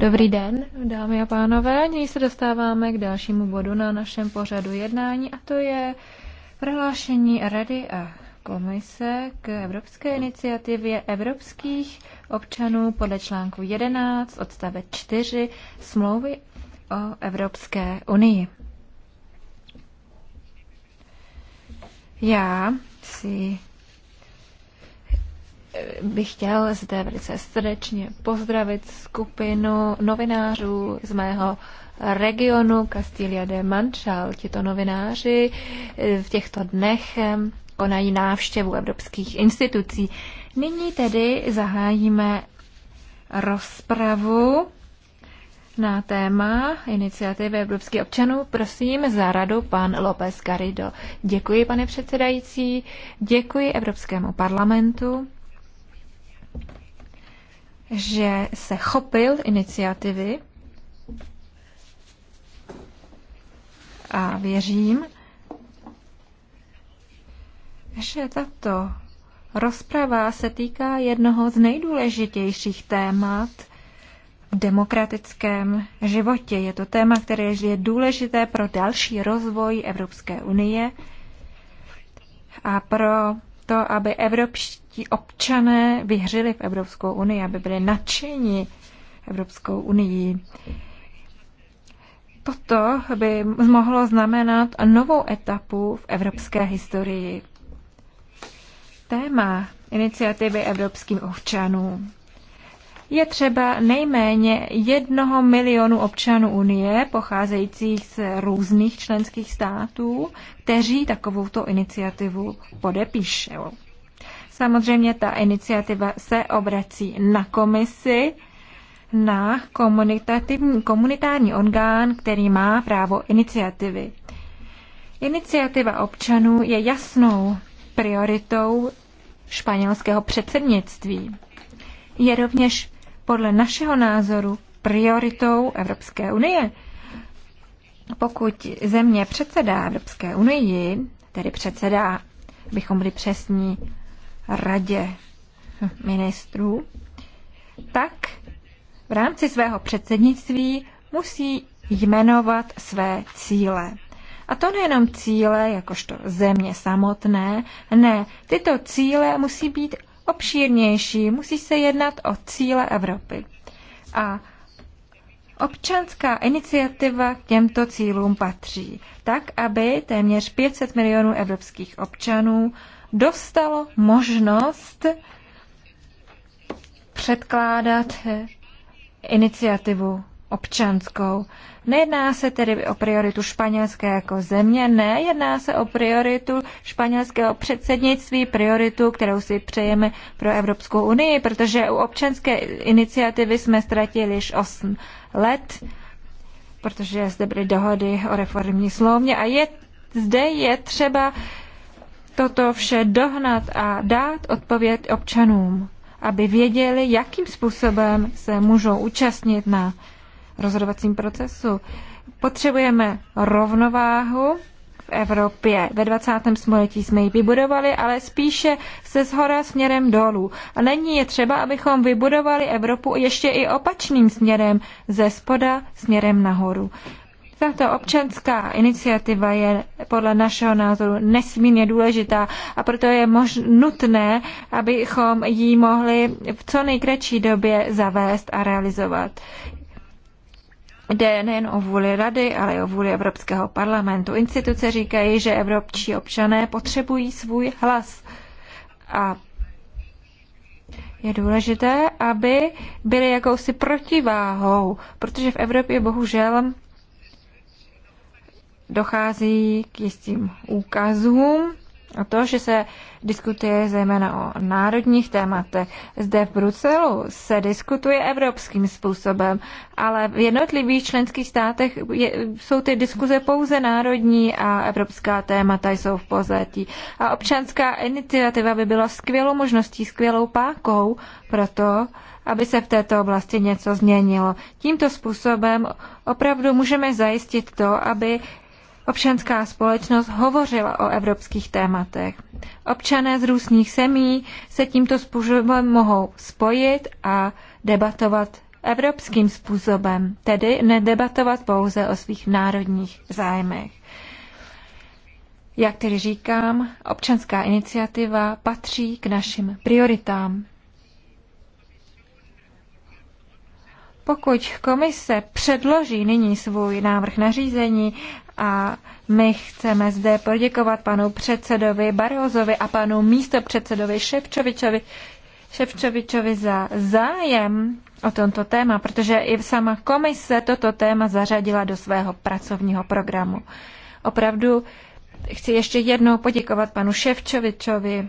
Dobrý den, dámy a pánové. Nyní se dostáváme k dalšímu bodu na našem pořadu jednání a to je prohlášení Rady a Komise k Evropské iniciativě evropských občanů podle článku 11 odstavec 4 smlouvy o Evropské unii. Já si bych chtěl zde velice srdečně pozdravit skupinu novinářů z mého regionu Castilla de Manchal. Tito novináři eh, v těchto dnech eh, konají návštěvu evropských institucí. Nyní tedy zahájíme rozpravu na téma iniciativy evropských občanů. Prosím za radu pan López Garrido. Děkuji, pane předsedající, děkuji Evropskému parlamentu že se chopil iniciativy a věřím, že tato rozprava se týká jednoho z nejdůležitějších témat v demokratickém životě. Je to téma, které je důležité pro další rozvoj Evropské unie a pro to, aby evropští ti občané vyhřili v Evropskou unii, aby byli nadšeni Evropskou unii. Toto by mohlo znamenat novou etapu v evropské historii. Téma iniciativy evropským občanům je třeba nejméně jednoho milionu občanů Unie, pocházejících z různých členských států, kteří takovouto iniciativu podepíšou. Samozřejmě ta iniciativa se obrací na komisi, na komunitativní, komunitární orgán, který má právo iniciativy. Iniciativa občanů je jasnou prioritou španělského předsednictví. Je rovněž podle našeho názoru prioritou Evropské unie. Pokud země předsedá Evropské unii, tedy předsedá, bychom byli přesní, radě ministrů, tak v rámci svého předsednictví musí jmenovat své cíle. A to nejenom cíle, jakožto země samotné, ne, tyto cíle musí být obšírnější, musí se jednat o cíle Evropy. A občanská iniciativa k těmto cílům patří, tak aby téměř 500 milionů evropských občanů dostalo možnost předkládat iniciativu občanskou. Nejedná se tedy o prioritu španělské jako země, ne, jedná se o prioritu španělského předsednictví, prioritu, kterou si přejeme pro Evropskou unii, protože u občanské iniciativy jsme ztratili již 8 let, protože zde byly dohody o reformní slovně a je zde je třeba toto vše dohnat a dát odpověď občanům, aby věděli, jakým způsobem se můžou účastnit na rozhodovacím procesu. Potřebujeme rovnováhu v Evropě. Ve 20. století jsme ji vybudovali, ale spíše se zhora směrem dolů. A není je třeba, abychom vybudovali Evropu ještě i opačným směrem, ze spoda směrem nahoru. Tato občanská iniciativa je podle našeho názoru nesmírně důležitá a proto je mož- nutné, abychom ji mohli v co nejkratší době zavést a realizovat. Jde nejen o vůli Rady, ale i o vůli Evropského parlamentu. Instituce říkají, že evropští občané potřebují svůj hlas. A je důležité, aby byly jakousi protiváhou, protože v Evropě bohužel dochází k jistým úkazům o to, že se diskutuje zejména o národních tématech. Zde v Bruselu se diskutuje evropským způsobem, ale v jednotlivých členských státech je, jsou ty diskuze pouze národní a evropská témata jsou v pozadí. A občanská iniciativa by byla skvělou možností, skvělou pákou pro to, aby se v této oblasti něco změnilo. Tímto způsobem opravdu můžeme zajistit to, aby občanská společnost hovořila o evropských tématech. Občané z různých zemí se tímto způsobem mohou spojit a debatovat evropským způsobem, tedy nedebatovat pouze o svých národních zájmech. Jak tedy říkám, občanská iniciativa patří k našim prioritám. Pokud komise předloží nyní svůj návrh nařízení a my chceme zde poděkovat panu předsedovi Barozovi a panu místopředsedovi Ševčovičovi, Ševčovičovi za zájem o tomto téma, protože i sama komise toto téma zařadila do svého pracovního programu. Opravdu chci ještě jednou poděkovat panu Ševčovičovi,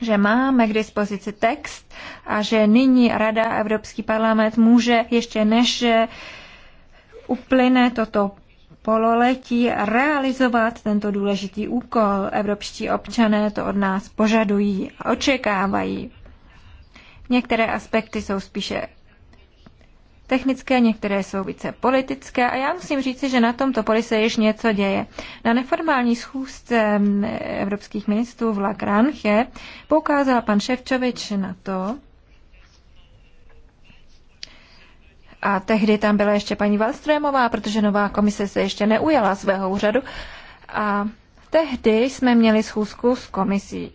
že máme k dispozici text a že nyní Rada Evropský parlament může ještě než uplyne toto pololetí realizovat tento důležitý úkol. Evropští občané to od nás požadují a očekávají. Některé aspekty jsou spíše technické, některé jsou více politické a já musím říci, že na tomto poli se již něco děje. Na neformální schůzce evropských ministrů v Lagranche poukázal pan Ševčovič na to, a tehdy tam byla ještě paní Valstrémová, protože nová komise se ještě neujala svého úřadu. A tehdy jsme měli schůzku s komisí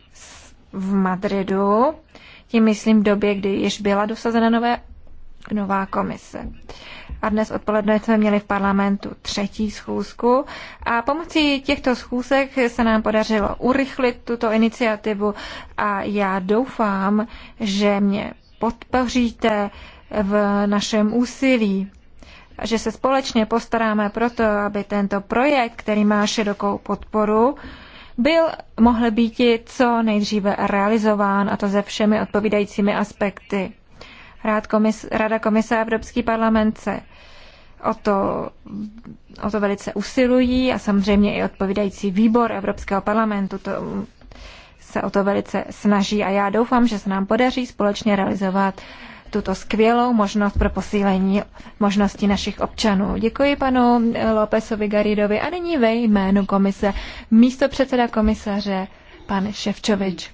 v Madridu, tím myslím v době, kdy již byla dosazena nové, nová komise. A dnes odpoledne jsme měli v parlamentu třetí schůzku a pomocí těchto schůzek se nám podařilo urychlit tuto iniciativu a já doufám, že mě podpoříte v našem úsilí a že se společně postaráme proto, aby tento projekt, který má širokou podporu, byl, mohl být co nejdříve realizován a to se všemi odpovídajícími aspekty. Rád komis, Rada komise a Evropský parlament se o to, o to velice usilují a samozřejmě i odpovídající výbor Evropského parlamentu to, se o to velice snaží a já doufám, že se nám podaří společně realizovat tuto skvělou možnost pro posílení možností našich občanů. Děkuji panu Lópezovi Garidovi a nyní ve jménu komise místo předseda komisaře pan Ševčovič.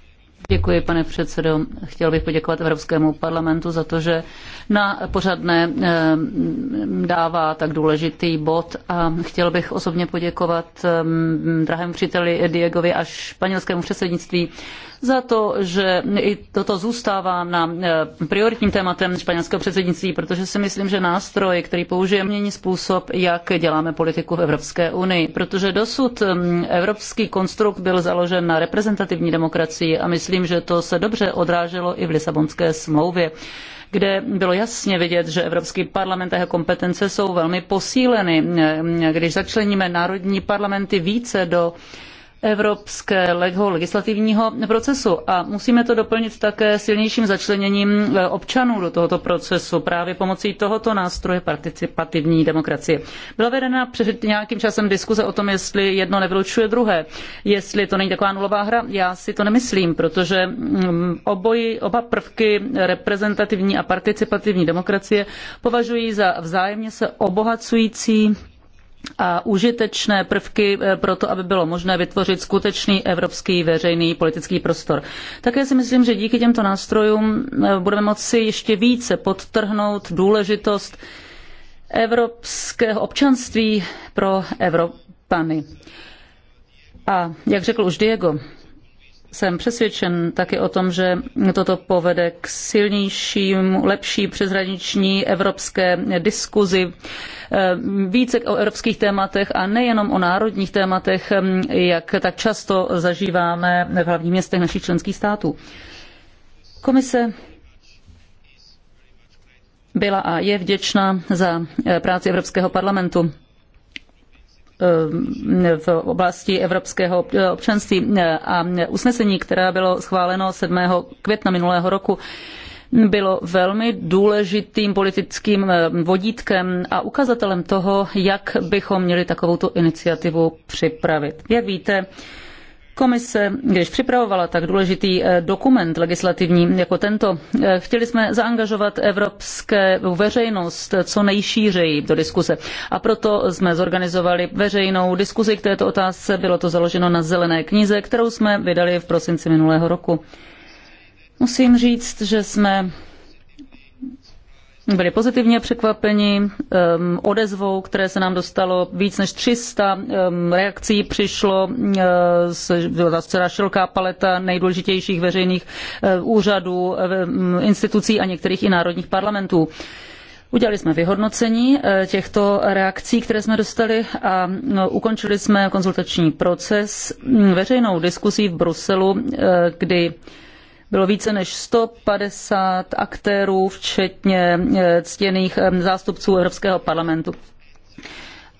Děkuji, pane předsedo. Chtěl bych poděkovat Evropskému parlamentu za to, že na pořadné eh, dává tak důležitý bod a chtěl bych osobně poděkovat eh, drahému příteli Diegovi a španělskému předsednictví za to, že i toto zůstává na eh, prioritním tématem španělského předsednictví, protože si myslím, že nástroj, který použijeme, mění způsob, jak děláme politiku v Evropské unii. Protože dosud eh, evropský konstrukt byl založen na reprezentativní demokracii a myslím, že to se dobře odráželo i v Lisabonské smlouvě kde bylo jasně vidět, že Evropský parlament a jeho kompetence jsou velmi posíleny. Eh, když začleníme národní parlamenty více do evropského legislativního procesu a musíme to doplnit také silnějším začleněním eh, občanů do tohoto procesu právě pomocí tohoto nástroje participativní demokracie. Byla vedena před nějakým časem diskuse o tom, jestli jedno nevylučuje druhé, jestli to není taková nulová hra. Já si to nemyslím, protože mm, oboji, oba prvky reprezentativní a participativní demokracie považuji za vzájemně se obohacující a užitečné prvky eh, pro to, aby bylo možné vytvořit skutečný evropský veřejný politický prostor. Také si myslím, že díky těmto nástrojům eh, budeme moci ještě více podtrhnout důležitost evropského občanství pro Evropany. A jak řekl už Diego, jsem přesvědčen také o tom, že toto povede k silnějším, lepší přeshraniční evropské diskuzi, eh, více o evropských tématech a nejenom o národních tématech, eh, jak tak často zažíváme v hlavních městech našich členských států. Komise byla a je vděčná za eh, práci Evropského parlamentu v oblasti evropského občanství a usnesení, které bylo schváleno 7. května minulého roku, bylo velmi důležitým politickým vodítkem a ukazatelem toho, jak bychom měli takovouto iniciativu připravit. Jak víte, Komise, když připravovala tak důležitý eh, dokument legislativní jako tento, eh, chtěli jsme zaangažovat evropskou veřejnost eh, co nejšířeji do diskuse. A proto jsme zorganizovali veřejnou diskusi k této otázce. Bylo to založeno na zelené knize, kterou jsme vydali v prosinci minulého roku. Musím říct, že jsme byli pozitivně překvapeni um, odezvou, které se nám dostalo. Víc než 300 um, reakcí přišlo, uh, byla byla celá široká paleta nejdůležitějších veřejných uh, úřadů, um, institucí a některých i národních parlamentů. Udělali jsme vyhodnocení uh, těchto reakcí, které jsme dostali a no, ukončili jsme konzultační proces mm, veřejnou diskusí v Bruselu, kdy bylo více než 150 aktérů, včetně eh, ctěných eh, zástupců Evropského parlamentu.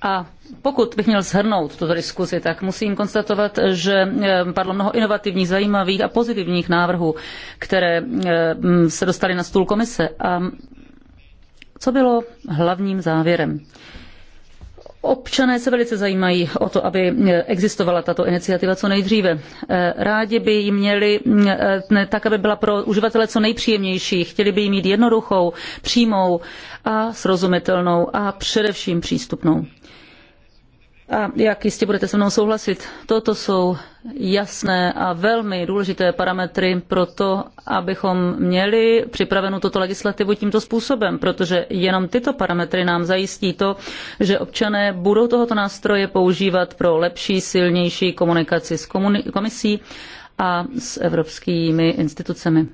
A pokud bych měl shrnout tuto diskuzi, tak musím konstatovat, že eh, padlo mnoho inovativních, zajímavých a pozitivních návrhů, které mm, se dostaly na stůl komise. A co bylo hlavním závěrem? Občané se velice zajímají o to, aby e, existovala tato iniciativa co nejdříve. E, rádi by ji měli e, tak, aby byla pro uživatele co nejpříjemnější. Chtěli by ji mít jednoduchou, přímou a srozumitelnou a především přístupnou. A jak jistě budete se mnou souhlasit, toto jsou jasné a velmi důležité parametry pro to, abychom měli připravenou toto legislativu tímto způsobem, protože jenom tyto parametry nám zajistí to, že občané budou tohoto nástroje používat pro lepší, silnější komunikaci s komuni- komisí a s evropskými institucemi.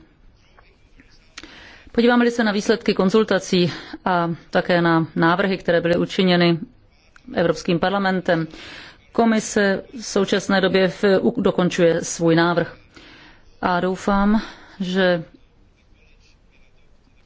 Podíváme-li se na výsledky konzultací a také na návrhy, které byly učiněny Evropským parlamentem. Komise v současné době dokončuje svůj návrh. A doufám, že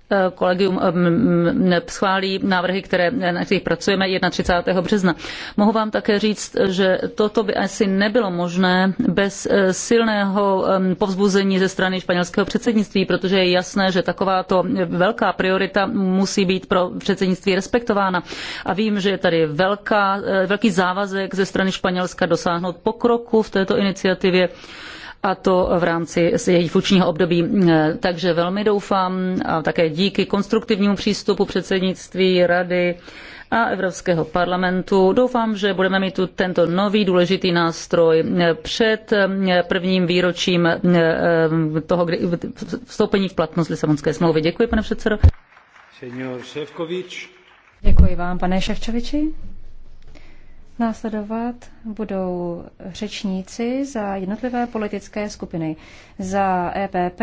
Eh, kolegium eh, schválí návrhy, které, eh, na kterých pracujeme 31. března. Mohu vám také říct, že toto by asi nebylo možné bez silného povzbuzení ze strany španělského předsednictví, protože je jasné, že takováto velká priorita musí být pro předsednictví respektována. A vím, že je tady velká, velký závazek ze strany Španělska dosáhnout pokroku v této iniciativě a to v rámci její funkčního období. Mm, eh, takže velmi doufám a také díky konstruktivnímu přístupu předsednictví Rady a Evropského parlamentu. Doufám, že budeme mít tu tento nový důležitý nástroj mm, před mm, prvním výročím eh, toho, kdy vstoupení v platnost Lisabonské smlouvy. Děkuji, pane předsedo. Děkuji vám, pane Ševčoviči. Následovat budou řečníci za jednotlivé politické skupiny. Za EPP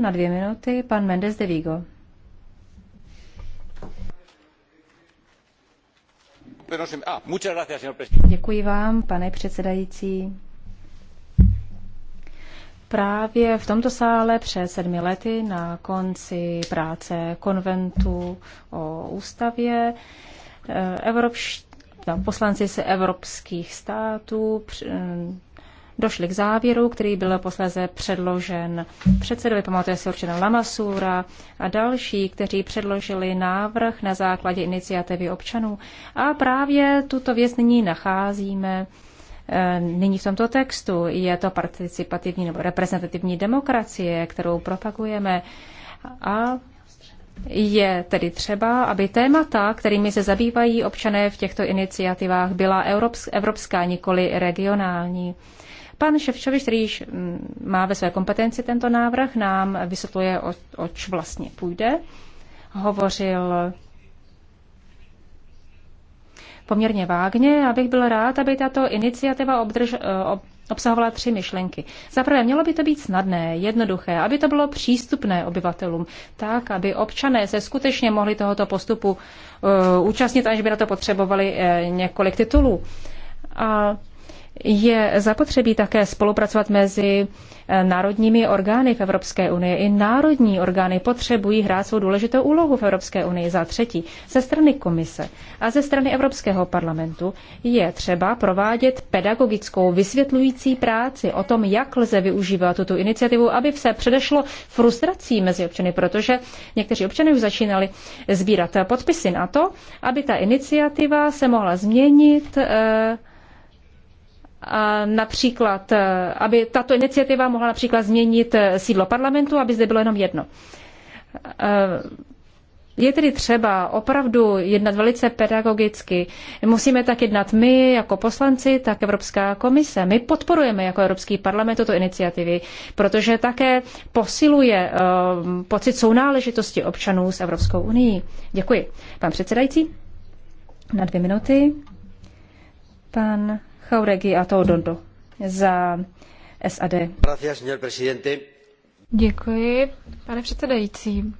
na dvě minuty pan Mendes de Vigo. Ah, Děkuji vám, pane předsedající. Právě v tomto sále před sedmi lety na konci práce konventu o ústavě eh, evropští Poslanci se evropských států eh, došli k závěru, který byl posléze předložen předsedovi, pamatuje se určitě Lamasura a další, kteří předložili návrh na základě iniciativy občanů. A právě tuto věc nyní nacházíme eh, Nyní v tomto textu je to participativní nebo reprezentativní demokracie, kterou propagujeme a je tedy třeba, aby témata, kterými se zabývají občané v těchto iniciativách, byla evropská, nikoli regionální. Pan Ševčovič, který již mm, má ve své kompetenci tento návrh, nám vysvětluje, oč vlastně půjde. Hovořil poměrně vágně. abych byl rád, aby tato iniciativa obdrž, eh, ob, obsahovala tři myšlenky. Za prvé, mělo by to být snadné, jednoduché, aby to bylo přístupné obyvatelům, tak, aby občané se skutečně mohli tohoto postupu uh, účastnit, aniž by na to potřebovali uh, několik titulů. A je zapotřebí také spolupracovat mezi eh, národními orgány v Evropské unii. I národní orgány potřebují hrát svou důležitou úlohu v Evropské unii. Za třetí, ze strany komise a ze strany Evropského parlamentu je třeba provádět pedagogickou vysvětlující práci o tom, jak lze využívat tuto iniciativu, aby se předešlo frustrací mezi občany, protože někteří občany už začínali sbírat podpisy na to, aby ta iniciativa se mohla změnit. Eh, a například, e, aby tato iniciativa mohla například změnit e, sídlo parlamentu, aby zde bylo jenom jedno. E, je tedy třeba opravdu jednat velice pedagogicky. Musíme tak jednat my jako poslanci, tak Evropská komise. My podporujeme jako Evropský parlament tuto iniciativy, protože také posiluje um, pocit sounáležitosti občanů s Evropskou unii. Děkuji. Pan předsedající, na dvě minuty. Pan Chauregi a za SAD. Děkuji, pane předsedající.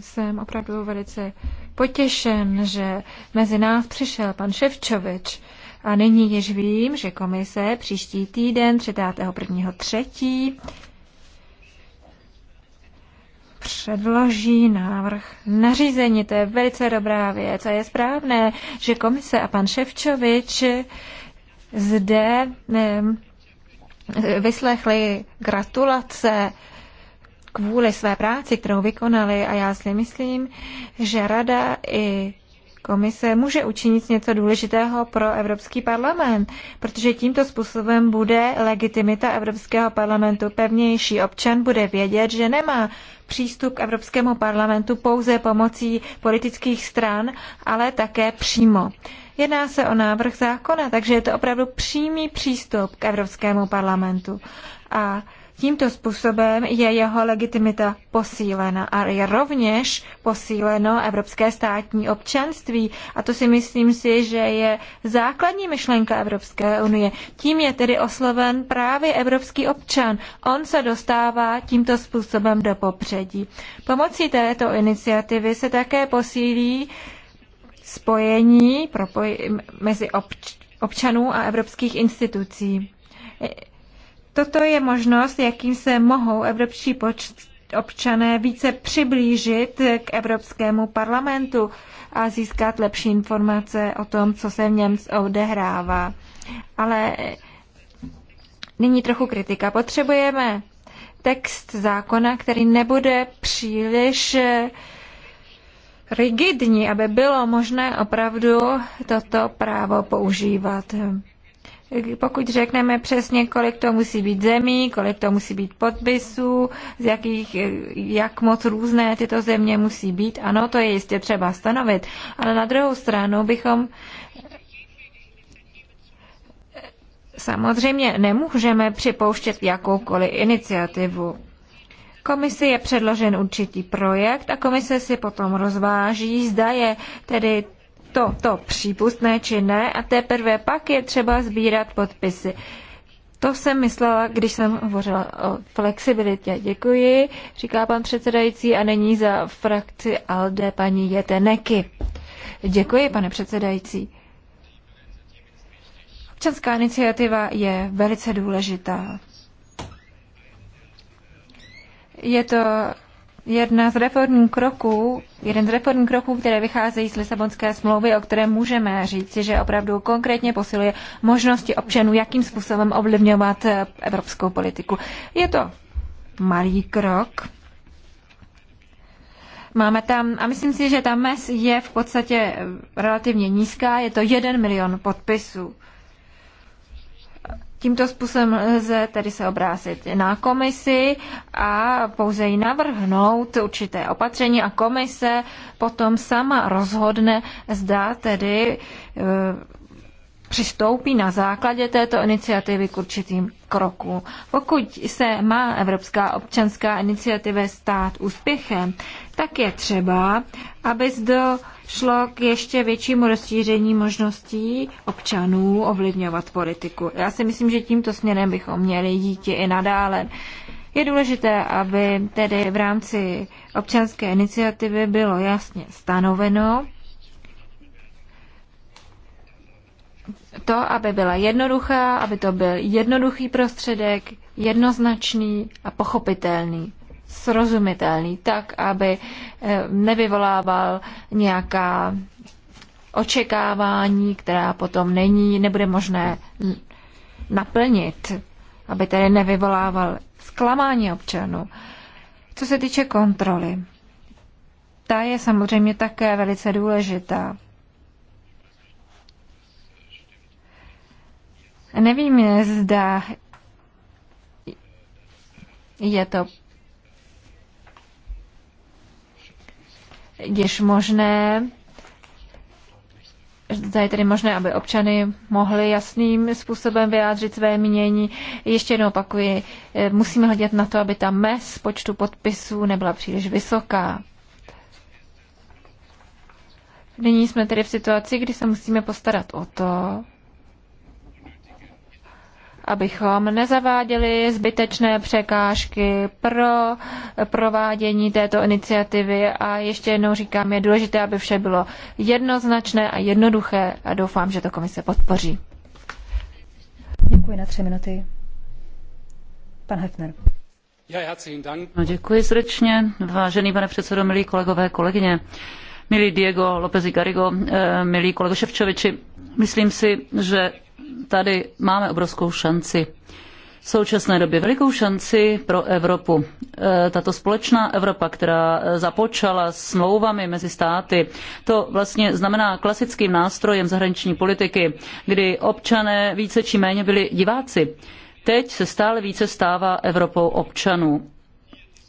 Jsem opravdu velice potěšen, že mezi nás přišel pan Ševčovič. A nyní již vím, že komise příští týden 31.3. předloží návrh nařízení. To je velice dobrá věc a je správné, že komise a pan Ševčovič zde eh, vyslechli gratulace kvůli své práci, kterou vykonali a já si myslím, že rada i komise může učinit něco důležitého pro Evropský parlament, protože tímto způsobem bude legitimita Evropského parlamentu pevnější. Občan bude vědět, že nemá přístup k Evropskému parlamentu pouze pomocí politických stran, ale také přímo. Jedná se o návrh zákona, takže je to opravdu přímý přístup k Evropskému parlamentu. A Tímto způsobem je jeho legitimita posílena a je rovněž posíleno evropské státní občanství. A to si myslím si, že je základní myšlenka Evropské unie. Tím je tedy osloven právě evropský občan. On se dostává tímto způsobem do popředí. Pomocí této iniciativy se také posílí spojení propoj- mezi obč- občanů a evropských institucí. Toto je možnost, jakým se mohou evropští občané více přiblížit k Evropskému parlamentu a získat lepší informace o tom, co se v něm odehrává. Ale nyní trochu kritika. Potřebujeme text zákona, který nebude příliš rigidní, aby bylo možné opravdu toto právo používat pokud řekneme přesně, kolik to musí být zemí, kolik to musí být podpisů, z jakých, jak moc různé tyto země musí být, ano, to je jistě třeba stanovit. Ale na druhou stranu bychom samozřejmě nemůžeme připouštět jakoukoliv iniciativu. Komisi je předložen určitý projekt a komise si potom rozváží, zda je tedy to, to přípustné či ne a teprve pak je třeba sbírat podpisy. To jsem myslela, když jsem hovořila o flexibilitě. Děkuji, říká pan předsedající a není za frakci ALDE paní Jeteneky. Děkuji, pane předsedající. Občanská iniciativa je velice důležitá. Je to jedna z reformních kroků, jeden z reformních kroků, které vycházejí z Lisabonské smlouvy, o které můžeme říci, že opravdu konkrétně posiluje možnosti občanů, jakým způsobem ovlivňovat eh, evropskou politiku. Je to malý krok. Máme tam, a myslím si, že ta mes je v podstatě eh, relativně nízká, je to jeden milion podpisů. Tímto způsobem lze tedy se obrátit na komisi a pouze ji navrhnout určité opatření a komise potom sama rozhodne, zda tedy eh, přistoupí na základě této iniciativy k určitým krokům. Pokud se má Evropská občanská iniciativa stát úspěchem, tak je třeba, aby zde šlo k ještě většímu rozšíření možností občanů ovlivňovat politiku. Já si myslím, že tímto směrem bychom měli jít i nadále. Je důležité, aby tedy v rámci občanské iniciativy bylo jasně stanoveno, to, aby byla jednoduchá, aby to byl jednoduchý prostředek, jednoznačný a pochopitelný srozumitelný, tak, aby eh, nevyvolával nějaká očekávání, která potom není, nebude možné naplnit, aby tedy nevyvolával zklamání občanů. Co se týče kontroly, ta je samozřejmě také velice důležitá. Nevím, zda je to když možné, Zda je tedy možné, aby občany mohli jasným způsobem vyjádřit své mínění. Ještě jednou opakuji, eh, musíme hledět na to, aby ta mez počtu podpisů nebyla příliš vysoká. Nyní jsme tedy v situaci, kdy se musíme postarat o to, abychom nezaváděli zbytečné překážky pro provádění této iniciativy a ještě jednou říkám, je důležité, aby vše bylo jednoznačné a jednoduché a doufám, že to komise podpoří. Děkuji na tři minuty. Pan Hefner. No, děkuji srdečně, vážený pane předsedo, milí kolegové, kolegyně milí Diego López Garigo, eh, milí kolego Ševčoviči, myslím si, že tady máme obrovskou šanci. V současné době velikou šanci pro Evropu. E, tato společná Evropa, která e, započala smlouvami mezi státy, to vlastně znamená klasickým nástrojem zahraniční politiky, kdy občané více či méně byli diváci. Teď se stále více stává Evropou občanů.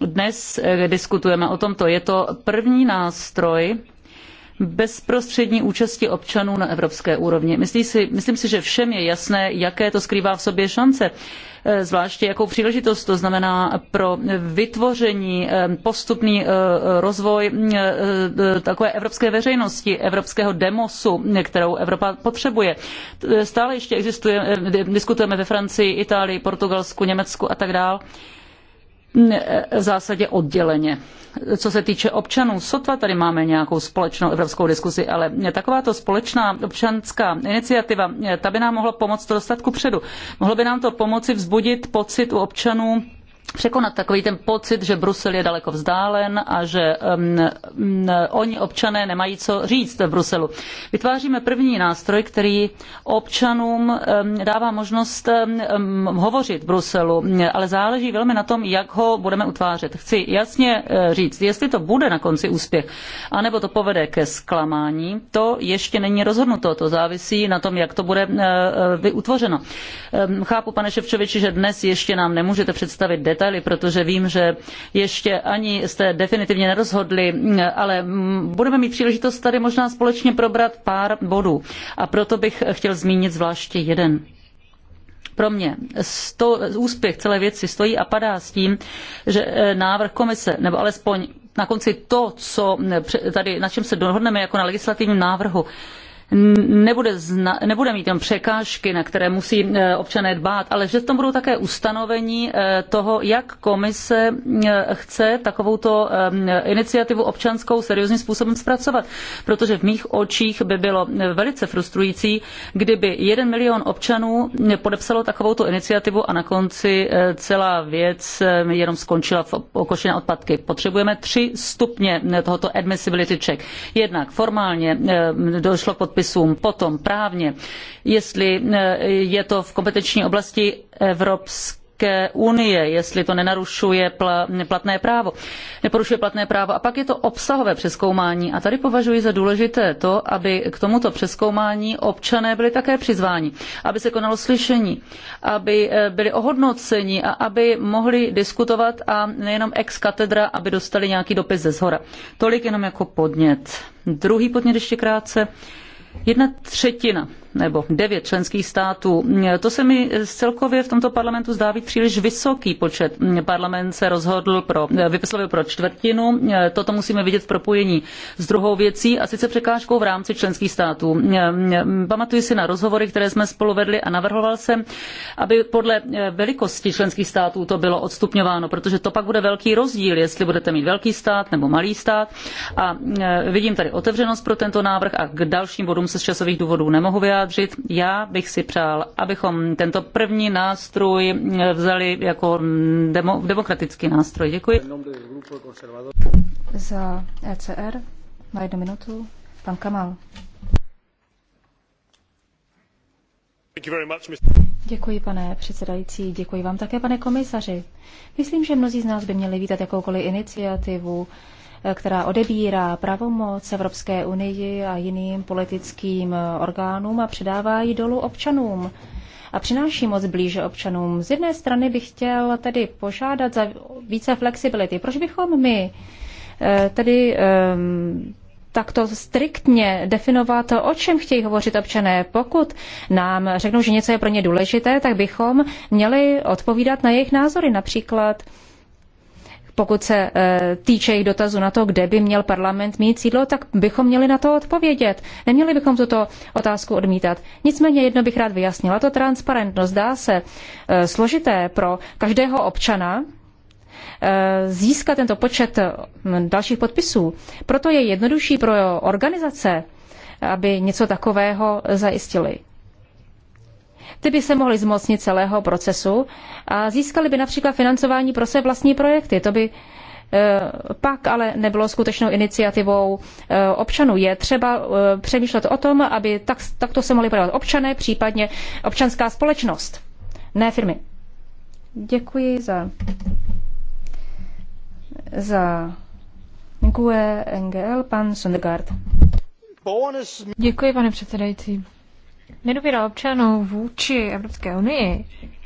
Dnes e, diskutujeme o tomto. Je to první nástroj, bezprostřední účasti občanů na evropské úrovni. Myslím si, myslím si, že všem je jasné, jaké to skrývá v sobě šance eh, zvláště jakou příležitost to znamená pro vytvoření eh, postupný eh, rozvoj takové evropské veřejnosti, evropského demosu, kterou Evropa potřebuje. Stále ještě existuje, diskutujeme ve Francii, Itálii, Portugalsku, Německu a tak dále v e, zásadě odděleně. Co se týče občanů, sotva tady máme nějakou společnou evropskou diskusi, ale takováto společná občanská iniciativa, e, ta by nám mohla pomoct dostat ku předu. Mohlo by nám to pomoci vzbudit pocit u občanů překonat takový ten pocit, že Brusel je daleko vzdálen a že um, um, oni občané nemají co říct v Bruselu. Vytváříme první nástroj, který občanům um, dává možnost um, um hovořit v Bruselu, ale záleží velmi na tom, jak ho budeme utvářet. Chci jasně eh, říct, jestli to bude na konci úspěch, anebo to povede ke zklamání, to ještě není rozhodnuto, to závisí na tom, jak to bude uh, vyutvořeno. Um, chápu, pane Ševčoviči, že dnes ještě nám nemůžete představit detaily, detaily, protože vím, že ještě ani jste definitivně nerozhodli, ale budeme mít příležitost tady možná společně probrat pár bodů. A proto bych chtěl zmínit zvláště jeden pro mě sto, úspěch celé věci stojí a padá s tím, že eh, návrh komise, nebo alespoň na konci to, co eh, tady, na čem se dohodneme jako na legislativním návrhu, nebude, zna, nebude mít jenom překážky, na které musí e, občané dbát, ale že tom budou také ustanovení e, toho, jak komise e, chce takovouto iniciativu občanskou seriózním způsobem zpracovat. Protože v mých očích by bylo velice frustrující, kdyby jeden milion občanů podepsalo takovouto iniciativu a na konci celá věc jenom skončila v okoši na odpadky. Potřebujeme tři stupně tohoto admissibility check. Jednak formálně došlo k podpisu předpisům, potom právně, jestli eh, je to v kompetenční oblasti Evropské unie, jestli to nenarušuje platné právo, neporušuje platné právo. A pak je to obsahové přeskoumání. A tady považuji za důležité to, aby k tomuto přeskoumání občané byli také přizváni, aby se konalo slyšení, aby eh, byli ohodnoceni a aby mohli diskutovat a nejenom ex katedra, aby dostali nějaký dopis ze zhora. Tolik jenom jako podnět. Druhý podnět ještě krátce. Jedna třetina nebo devět členských států. To se mi celkově v tomto parlamentu zdá být příliš vysoký počet. Parlament se rozhodl pro, vypislovil pro čtvrtinu. Toto musíme vidět v propojení s druhou věcí a sice překážkou v rámci členských států. Pamatuji si na rozhovory, které jsme spolu vedli a navrhoval jsem, aby podle velikosti členských států to bylo odstupňováno, protože to pak bude velký rozdíl, jestli budete mít velký stát nebo malý stát. A e, vidím tady otevřenost pro tento návrh a k dalším bodům se z časových důvodů nemohu vyjádřit vyjádřit. Já bych si přál, abychom tento první nástroj vzali jako demo, demokratický nástroj. Děkuji. Za ECR na jednu minutu pan Kamal. Děkuji, pane předsedající, děkuji vám také, pane komisaři. Myslím, že mnozí z nás by měli vítat jakoukoliv iniciativu, Eh, která odebírá pravomoc Evropské unii a jiným politickým eh, orgánům a předává ji dolů občanům a přináší moc blíže občanům. Z jedné strany bych chtěl tedy požádat za více flexibility. Proč bychom my eh, tedy ehm, takto striktně definovat, o čem chtějí hovořit občané. Pokud nám řeknou, že něco je pro ně důležité, tak bychom měli odpovídat na jejich názory. Například pokud se eh, týče jejich dotazu na to, kde by měl parlament mít sídlo, tak bychom měli na to odpovědět. Neměli bychom tuto otázku odmítat. Nicméně jedno bych rád vyjasnila. To transparentnost dá se eh, složité pro každého občana, eh, získat tento počet hm, dalších podpisů. Proto je jednodušší pro organizace, aby něco takového zajistili. Ty by se mohly zmocnit celého procesu a získali by například financování pro své vlastní projekty. To by eh, pak ale nebylo skutečnou iniciativou eh, občanů. Je třeba eh, přemýšlet o tom, aby tak, takto se mohli podávat občané, případně občanská společnost, ne firmy. Děkuji za, za GUE NGL, pan Sundergaard. Děkuji, pane předsedající. Nedůvěra občanů vůči Evropské unii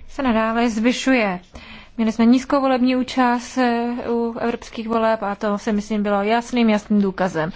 se nadále zvyšuje. Měli jsme nízkou volební účast eh, u evropských voleb a to si myslím bylo jasným, jasným důkazem.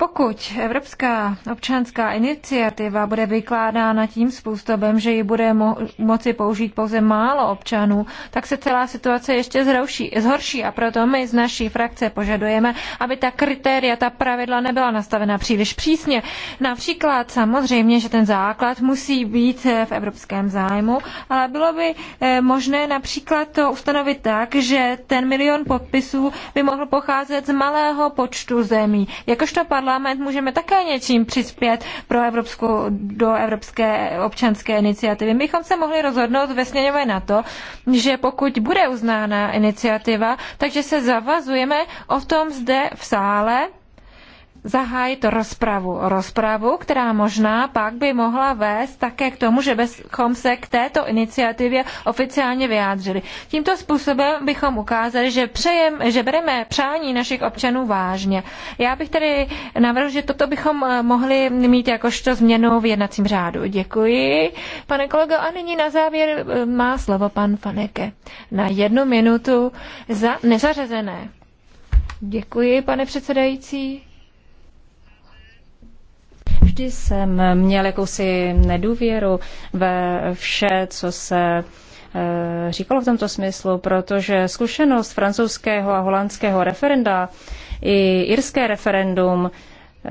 Pokud Evropská občanská iniciativa bude vykládána tím způsobem, že ji bude mo- moci použít pouze málo občanů, tak se celá situace ještě zhorší, zhorší a proto my z naší frakce požadujeme, aby ta kritéria, ta pravidla nebyla nastavena příliš přísně. Například samozřejmě, že ten základ musí být v evropském zájmu, ale bylo by eh, možné například to ustanovit tak, že ten milion podpisů by mohl pocházet z malého počtu zemí. Jakožto padlo parlament můžeme také něčím přispět pro Evropskou, do Evropské občanské iniciativy. My bychom se mohli rozhodnout ve sněmově na to, že pokud bude uznána iniciativa, takže se zavazujeme o tom zde v sále zahájit rozpravu. Rozpravu, která možná pak by mohla vést také k tomu, že bychom se k této iniciativě oficiálně vyjádřili. Tímto způsobem bychom ukázali, že, přejem, že bereme přání našich občanů vážně. Já bych tedy navrhl, že toto bychom eh, mohli mít jakožto změnu v jednacím řádu. Děkuji, pane kolego. A nyní na závěr eh, má slovo pan Faneke. Na jednu minutu za nezařazené. Děkuji, pane předsedající. Vždy jsem měl jakousi nedůvěru ve vše, co se eh, říkalo v tomto smyslu, protože zkušenost francouzského a holandského referenda i irské referendum eh,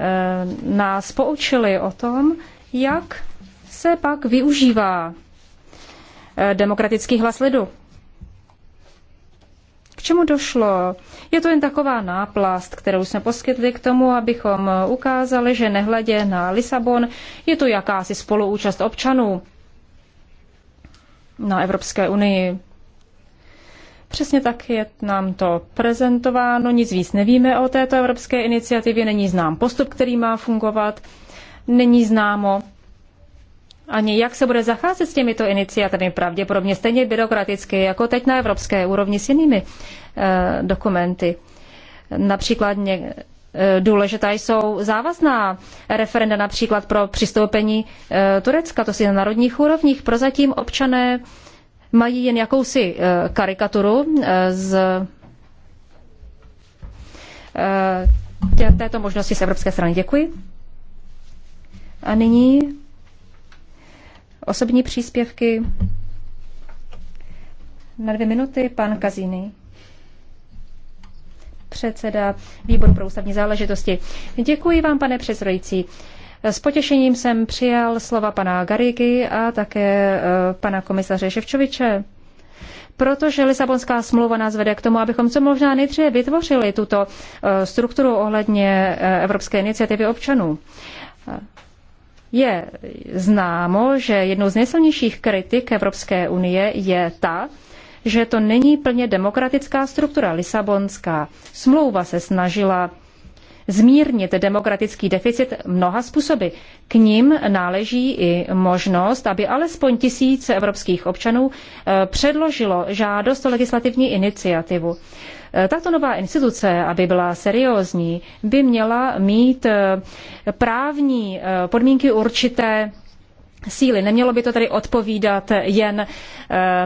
nás poučili o tom, jak se pak využívá eh, demokratický hlas lidu. K čemu došlo? Je to jen taková náplast, kterou jsme poskytli k tomu, abychom ukázali, že nehledě na Lisabon je to jakási spoluúčast občanů na Evropské unii. Přesně tak je nám to prezentováno, nic víc nevíme o této evropské iniciativě, není znám postup, který má fungovat, není známo, ani jak se bude zacházet s těmito iniciativami, pravděpodobně stejně byrokraticky, jako teď na evropské úrovni s jinými e, dokumenty. Například ně, e, důležitá jsou závazná referenda například pro přistoupení e, Turecka, to si na národních úrovních. Prozatím občané mají jen jakousi e, karikaturu e, z e, této možnosti z Evropské strany. Děkuji. A nyní Osobní příspěvky na dvě minuty pan Kaziny, předseda výboru pro ústavní záležitosti. Děkuji vám, pane předsedající. S potěšením jsem přijal slova pana Garigy a také eh, pana komisaře Ševčoviče protože Lisabonská smlouva nás vede k tomu, abychom co možná nejdříve vytvořili tuto eh, strukturu ohledně eh, Evropské iniciativy občanů. Je známo, že jednou z nejsilnějších kritik Evropské unie je ta, že to není plně demokratická struktura, Lisabonská. Smlouva se snažila zmírnit demokratický deficit mnoha způsoby. K ním náleží i možnost, aby alespoň tisíce evropských občanů eh, předložilo žádost o legislativní iniciativu. Eh, tato nová instituce, aby byla seriózní, by měla mít eh, právní podmínky určité síly. Nemělo by to tedy odpovídat jen eh,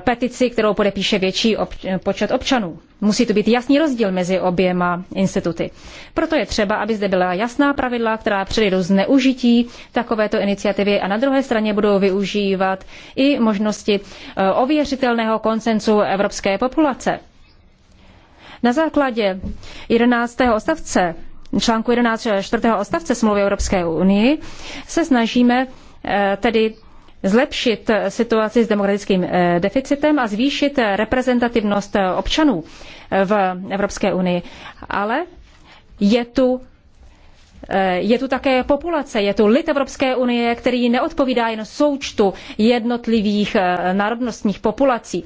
petici, kterou podepíše větší obč- počet občanů. Musí to být jasný rozdíl mezi oběma instituty. Proto je třeba, aby zde byla jasná pravidla, která předejdou zneužití takovéto iniciativy a na druhé straně budou využívat i možnosti eh, ověřitelného konsenzu evropské populace. Na základě 11. odstavce článku 11. čtvrtého odstavce smlouvy Evropské unii se snažíme Eh, tedy zlepšit situaci s demokratickým eh, deficitem a zvýšit reprezentativnost eh, občanů v Evropské unii. Ale je tu je tu také populace, je tu lid Evropské unie, který neodpovídá jen součtu jednotlivých národnostních populací.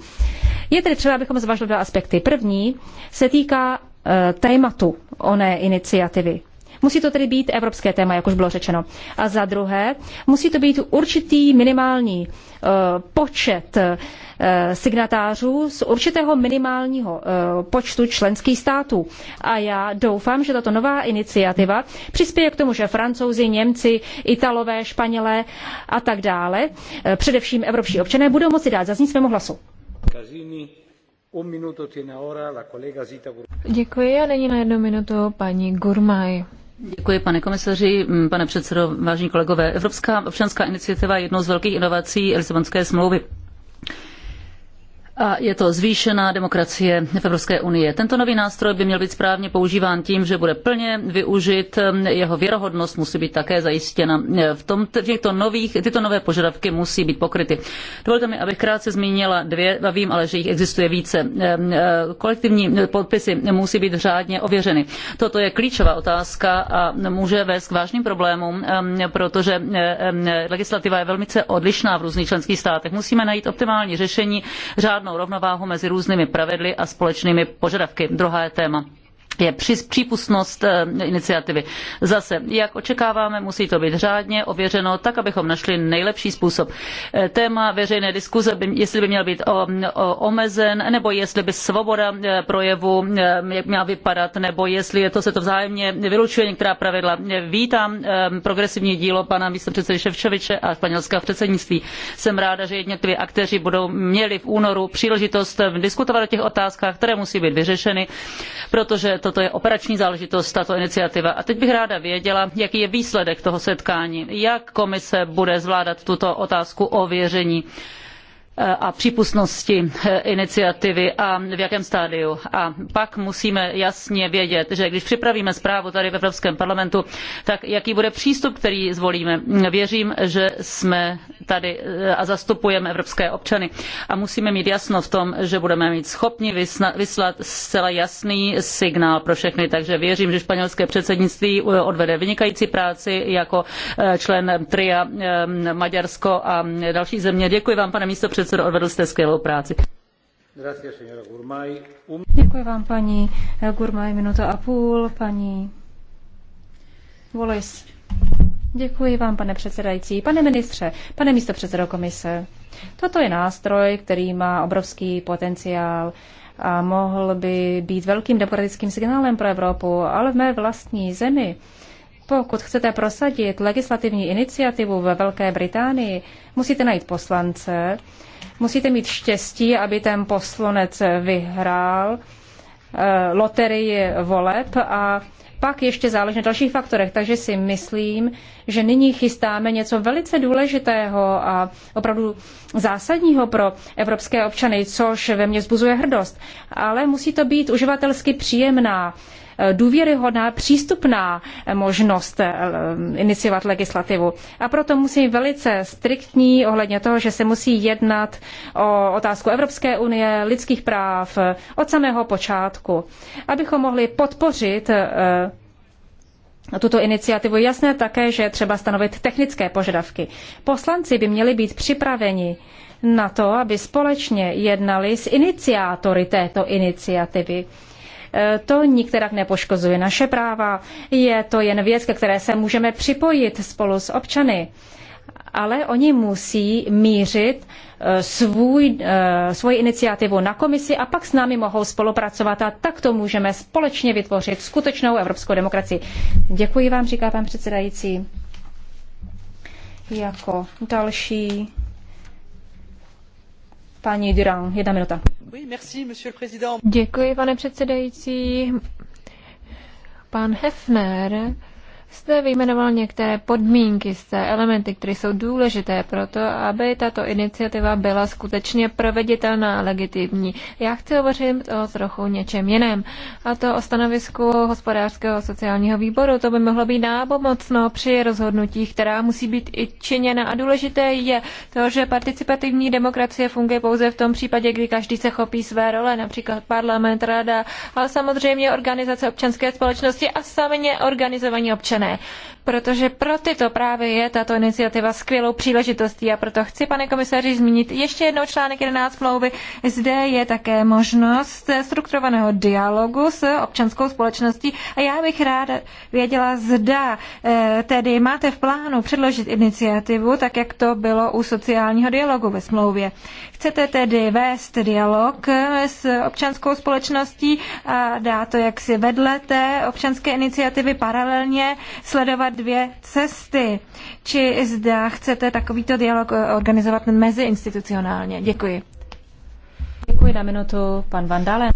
Je tedy třeba, abychom zvažili dva aspekty. První se týká tématu oné iniciativy. Musí to tedy být evropské téma, jak už bylo řečeno. A za druhé, musí to být určitý minimální eh, počet eh, signatářů z určitého minimálního eh, počtu členských států. A já doufám, že tato nová iniciativa přispěje k tomu, že francouzi, Němci, Italové, Španělé a tak dále, především evropští občané, budou moci dát zaznít svému hlasu. Děkuji a není na jednu minutu paní Gurmaj. Děkuji, pane komisaři, mm, pane předsedo, vážení kolegové. Evropská občanská iniciativa je jednou z velkých inovací Lisabonské smlouvy a je to zvýšená demokracie v Evropské unii. Tento nový nástroj by měl být správně používán tím, že bude plně využit, um, jeho věrohodnost musí být také zajištěna. V, tom, těchto nových, tyto nové požadavky musí být pokryty. Dovolte mi, abych krátce zmínila dvě, a vím ale, že jich existuje více. Um, uh, kolektivní podpisy musí být řádně ověřeny. Toto je klíčová otázka a může vést k vážným problémům, um, protože uh, legislativa je velmi odlišná v různých členských státech. Musíme najít optimální řešení řádnou správnou rovnováhu mezi různými pravidly a společnými požadavky. Druhé téma je přípustnost eh, iniciativy. Zase, jak očekáváme, musí to být řádně ověřeno, tak, abychom našli nejlepší způsob. Eh, téma veřejné diskuze, by, jestli by měl být o, o, omezen, nebo jestli by svoboda eh, projevu měla vypadat, nebo jestli je to se to vzájemně vylučuje některá pravidla. Vítám progresivní dílo pana místopředsedy Ševčoviče a španělského předsednictví. Jsem ráda, že jednotliví aktéři budou měli v únoru příležitost diskutovat o těch otázkách, které musí být vyřešeny, protože to Toto je operační záležitost, tato iniciativa. A teď bych ráda věděla, jaký je výsledek toho setkání, jak komise bude zvládat tuto otázku ověření Eh, a přípustnosti eh, iniciativy a v jakém stádiu. A pak musíme jasně vědět, že když připravíme zprávu tady v Evropském parlamentu, tak jaký bude přístup, který zvolíme. Věřím, že jsme tady eh, a zastupujeme evropské občany a musíme mít jasno v tom, že budeme mít schopni vyslat zcela jasný signál pro všechny. Takže věřím, že španělské předsednictví odvede vynikající práci jako člen TRIA Maďarsko a další země. Děkuji vám, pane místo předsedo, odvedl jste skvělou práci. Děkuji vám, paní Gurmaj, minuta a půl, paní Wallis. Děkuji vám, pane předsedající. Pane ministře, pane místo předsedo komise, toto je nástroj, který má obrovský potenciál a mohl by být velkým demokratickým signálem pro Evropu, ale v mé vlastní zemi. Pokud chcete prosadit legislativní iniciativu ve Velké Británii, musíte najít poslance, Musíte mít štěstí, aby ten poslanec vyhrál eh, loterii voleb a pak ještě záleží na dalších faktorech, takže si myslím, že nyní chystáme něco velice důležitého a opravdu zásadního pro evropské občany, což ve mně zbuzuje hrdost. Ale musí to být uživatelsky příjemná důvěryhodná, přístupná možnost eh, iniciovat legislativu. A proto musí velice striktní ohledně toho, že se musí jednat o otázku Evropské unie, lidských práv eh, od samého počátku, abychom mohli podpořit eh, tuto iniciativu. Je jasné také, že je třeba stanovit technické požadavky. Poslanci by měli být připraveni na to, aby společně jednali s iniciátory této iniciativy E, to nikterak nepoškozuje naše práva, je to jen věc, ke které se můžeme připojit spolu s občany. Ale oni musí mířit e, svůj, e, svoji iniciativu na komisi a pak s námi mohou spolupracovat a takto můžeme společně vytvořit skutečnou evropskou demokracii. Děkuji vám, říká pan předsedající. Jako další paní Durán, jedna minuta. Děkuji, pane předsedající. Pan Hefner jste vyjmenoval některé podmínky, jste elementy, které jsou důležité pro to, aby tato iniciativa byla skutečně proveditelná a legitimní. Já chci hovořit o trochu něčem jiném, a to o stanovisku hospodářského sociálního výboru. To by mohlo být nápomocno při rozhodnutí, která musí být i činěna. A důležité je to, že participativní demokracie funguje pouze v tom případě, kdy každý se chopí své role, například parlament, rada, ale samozřejmě organizace občanské společnosti a samě organizovaní občané otevřené, protože pro tyto právě je tato iniciativa skvělou příležitostí a proto chci, pane komisaři, zmínit ještě jednou článek 11 smlouvy. Zde je také možnost strukturovaného dialogu s občanskou společností a já bych ráda věděla, zda eh, tedy máte v plánu předložit iniciativu, tak jak to bylo u sociálního dialogu ve smlouvě. Chcete tedy vést dialog eh, s občanskou společností a dá to jaksi vedle té občanské iniciativy paralelně sledovat dvě cesty, či zda chcete takovýto dialog eh, organizovat meziinstitucionálně. Děkuji. Děkuji na minutu, pan Van Dalen.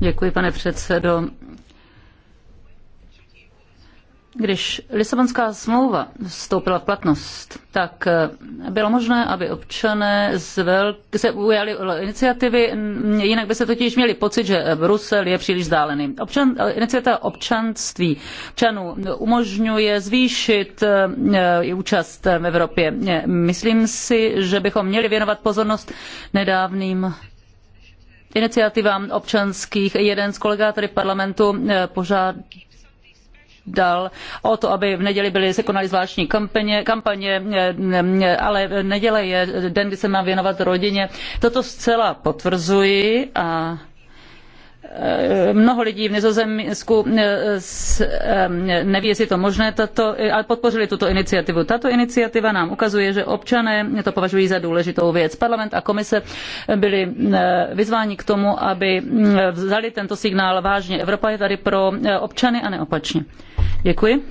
Děkuji, pane předsedo. Když Lisabonská smlouva vstoupila v platnost, tak eh, bylo možné, aby občané z velk... se ujali iniciativy, jinak by se totiž měli pocit, že Brusel je příliš vzdálený. Občan... Eh, iniciativa občanství občanů umožňuje zvýšit eh, účast v Evropě. Myslím si, že bychom měli věnovat pozornost nedávným iniciativám občanských. Jeden z kolega tady v parlamentu požádal Dal o to, aby v neděli byly se konaly zvláštní kampaně, kampaně, eh, eh, ale neděle je den, kdy se má věnovat rodině. Toto zcela potvrzuji a eh, mnoho lidí v Nizozemsku neví, jestli je to možné, tato, ale podpořili tuto iniciativu. Tato iniciativa nám ukazuje, že občané to považují za důležitou věc. Parlament a komise byli vyzváni k tomu, aby mm, vzali tento signál vážně. Evropa je tady pro občany a neopačně. Děkuji.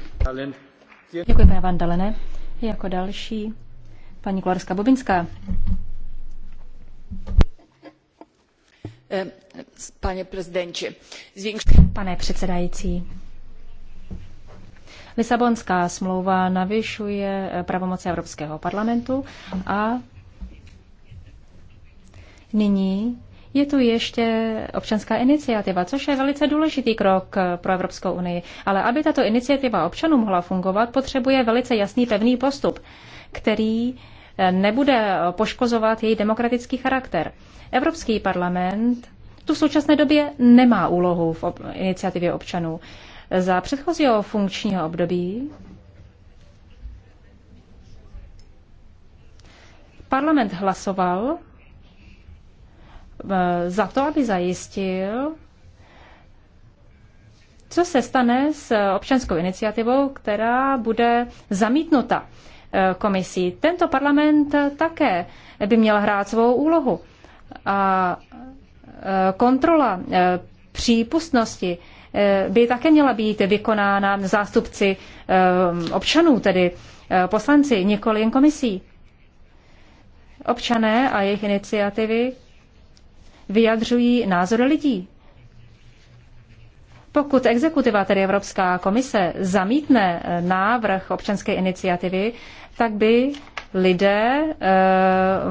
Děkuji, pane Vandalene. Jako další paní Klarska Bobinská. Pane prezidenti. Pane předsedající, Lisabonská smlouva navyšuje eh, pravomoci Evropského parlamentu a nyní je tu ještě občanská iniciativa, což je velice důležitý krok pro Evropskou unii. Ale aby tato iniciativa občanů mohla fungovat, potřebuje velice jasný pevný postup, který eh, nebude poškozovat její demokratický charakter. Evropský parlament tu v současné době nemá úlohu v ob- iniciativě občanů. Za předchozího funkčního období parlament hlasoval Eh, za to, aby zajistil, co se stane s občanskou iniciativou, která bude zamítnuta eh, komisí. Tento parlament také by měl hrát svou úlohu. A eh, kontrola přípustnosti by také měla být vykonána zástupci občanů, tedy poslanci, nikoli jen komisí. Občané a jejich iniciativy vyjadřují názory lidí. Pokud exekutiva, tedy Evropská komise, zamítne eh, návrh občanské iniciativy, tak by lidé e,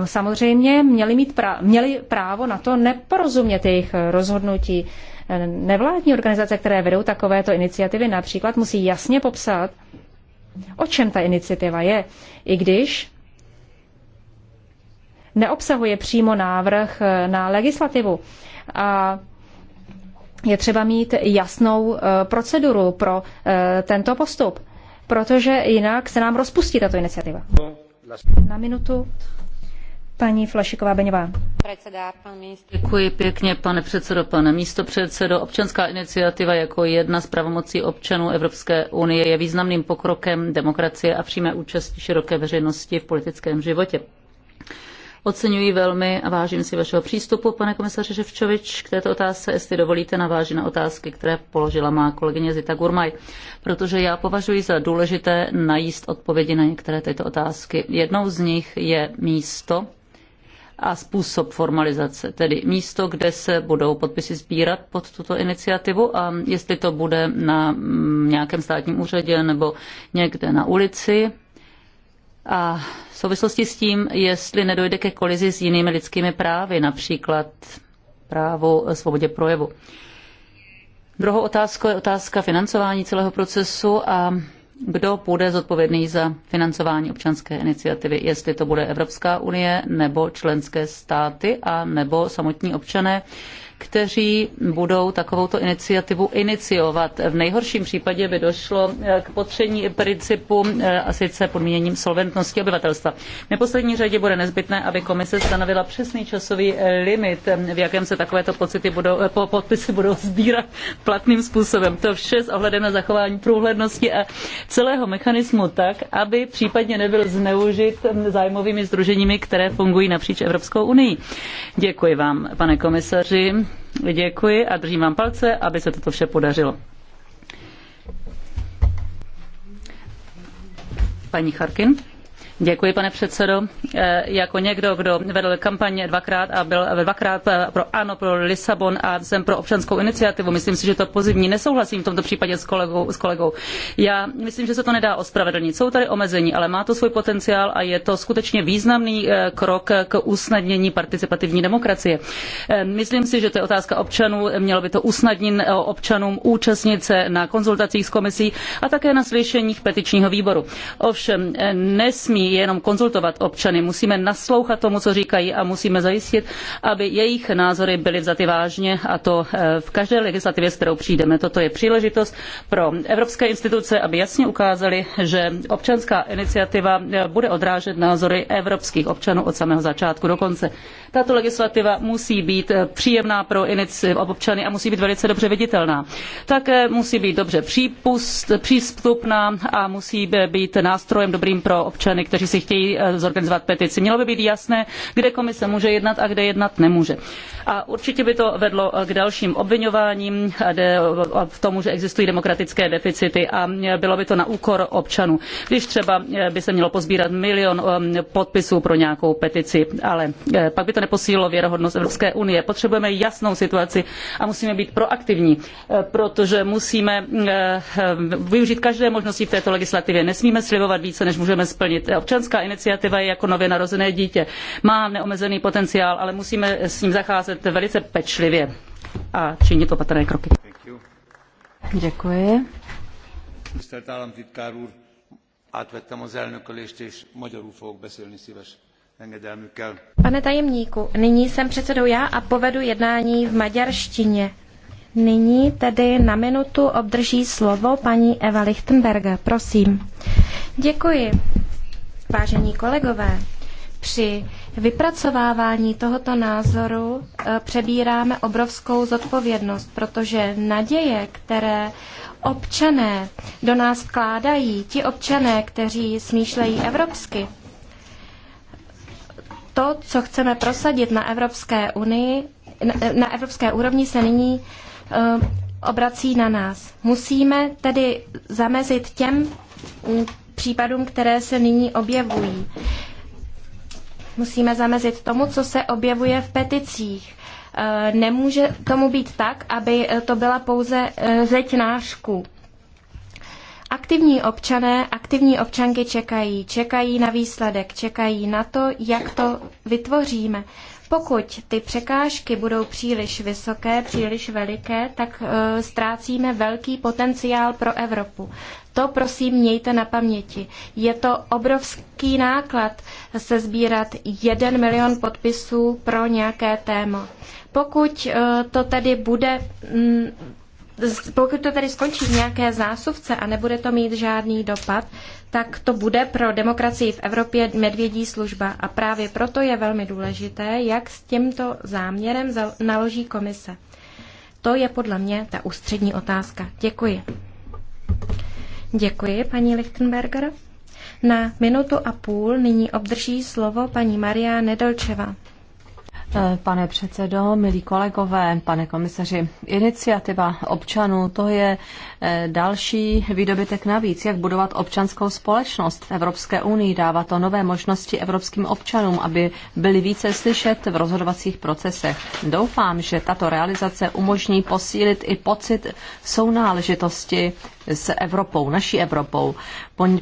samozřejmě měli, mít pra, měli právo na to neporozumět jejich rozhodnutí. Eh, nevládní organizace, které vedou takovéto iniciativy, například musí jasně popsat, o čem ta iniciativa je, i když neobsahuje přímo návrh eh, na legislativu. A je třeba mít jasnou eh, proceduru pro eh, tento postup, protože jinak se nám rozpustí tato iniciativa. Na minutu paní Flašiková Beňová. Děkuji pěkně, pane předsedo, pane předsedo. Občanská iniciativa jako jedna z pravomocí občanů Evropské unie je významným pokrokem demokracie a přímé účasti široké veřejnosti v politickém životě. Oceňuji velmi a vážím si vašeho přístupu, pane komisaře Ševčovič, k této otázce, jestli dovolíte naváží na otázky, které položila má kolegyně Zita Gurmaj, protože já považuji za důležité najíst odpovědi na některé tyto otázky. Jednou z nich je místo a způsob formalizace, tedy místo, kde se budou podpisy sbírat pod tuto iniciativu a jestli to bude na mm, nějakém státním úřadě nebo někde na ulici, a v souvislosti s tím, jestli nedojde ke kolizi s jinými lidskými právy, například právo svobodě projevu. Druhou otázkou je otázka financování celého procesu a kdo bude zodpovědný za financování občanské iniciativy, jestli to bude Evropská unie nebo členské státy a nebo samotní občané, kteří budou takovouto iniciativu iniciovat. V nejhorším případě by došlo eh, k potření principu eh, a sice podmíněním solventnosti obyvatelstva. V neposlední řadě bude nezbytné, aby komise stanovila přesný časový eh, limit, v jakém se takovéto pocity budou, podpisy budou sbírat platným způsobem. To vše s ohledem na zachování průhlednosti a celého mechanismu tak, aby případně nebyl zneužit hm, zájmovými združeními, které fungují napříč Evropskou unii. Děkuji vám, pane komisaři. Děkuji a držím vám palce, aby se toto vše podařilo. Paní Charkin. Děkuji, pane předsedo. E, jako někdo, kdo vedl kampaň dvakrát a byl e, dvakrát e, pro ano, pro Lisabon a jsem pro občanskou iniciativu, myslím si, že to pozivní nesouhlasím v tomto případě s kolegou. S kolegou. Já myslím, že se to nedá ospravedlnit. Jsou tady omezení, ale má to svůj potenciál a je to skutečně významný krok k usnadnění participativní demokracie. Myslím si, že to je otázka občanů. Mělo by to usnadnit občanům účastnit se na konzultacích s komisí a také na slyšeních petičního výboru. Ovšem nesmí jenom konzultovat občany, musíme naslouchat tomu, co říkají a musíme zajistit, aby jejich názory byly vzaty vážně a to eh, v každé legislativě, s kterou přijdeme. Toto je příležitost pro evropské instituce, aby jasně ukázali, že občanská iniciativa eh, bude odrážet názory evropských občanů od samého začátku do konce. Tato legislativa musí být eh, příjemná pro občany a musí být velice dobře viditelná. Také musí být dobře přípustná a musí být nástrojem dobrým pro občany, kteří si chtějí eh, zorganizovat petici. Mělo by být jasné, kde komise může jednat a kde jednat nemůže. A určitě by to vedlo eh, k dalším obvinováním v tomu, že existují demokratické deficity a eh, bylo by to na úkor občanů. Když třeba by se mělo pozbírat milion um, podpisů pro nějakou petici, ale pak by to neposílilo věrohodnost Evropské unie. Potřebujeme jasnou situaci a musíme být proaktivní, protože musíme využít každé možnosti v této legislativě. Nesmíme slibovat více, než můžeme splnit občanská iniciativa je jako nově narozené dítě. Má neomezený potenciál, ale musíme s ním zacházet velice pečlivě a činit opatrné kroky. Děkuji. Pane tajemníku, nyní jsem předsedou já a povedu jednání v maďarštině. Nyní tedy na minutu obdrží slovo paní Eva Lichtenberger. Prosím. Děkuji. Vážení kolegové, při vypracovávání tohoto názoru eh, přebíráme obrovskou zodpovědnost, protože naděje, které občané do nás vkládají, ti občané, kteří smýšlejí evropsky, to, co chceme prosadit na Evropské unii, na evropské úrovni se nyní eh, obrací na nás. Musíme tedy zamezit těm případům, které se nyní objevují. Musíme zamezit tomu, co se objevuje v peticích. E, nemůže tomu být tak, aby to byla pouze e, zeď nářků. Aktivní občané, aktivní občanky čekají, čekají na výsledek, čekají na to, jak to vytvoříme. Pokud ty překážky budou příliš vysoké, příliš veliké, tak e, ztrácíme velký potenciál pro Evropu. To prosím mějte na paměti. Je to obrovský náklad se sbírat jeden milion podpisů pro nějaké téma. Pokud e, to tedy bude m, mm, pokud to tedy skončí v nějaké zásuvce a nebude to mít žádný dopad, tak to bude pro demokracii v Evropě medvědí služba. A právě proto je velmi důležité, jak s tímto záměrem naloží komise. To je podle mě ta ústřední otázka. Děkuji. Děkuji, paní Lichtenberger. Na minutu a půl nyní obdrží slovo paní Maria Nedolčeva. Eh, pane předsedo, milí kolegové, pane komisaři, iniciativa občanů to je eh, další výdobytek navíc, jak budovat občanskou společnost v Evropské unii. Dává to nové možnosti evropským občanům, aby byli více slyšet v rozhodovacích procesech. Doufám, že tato realizace umožní posílit i pocit sounáležitosti s Evropou, naší Evropou,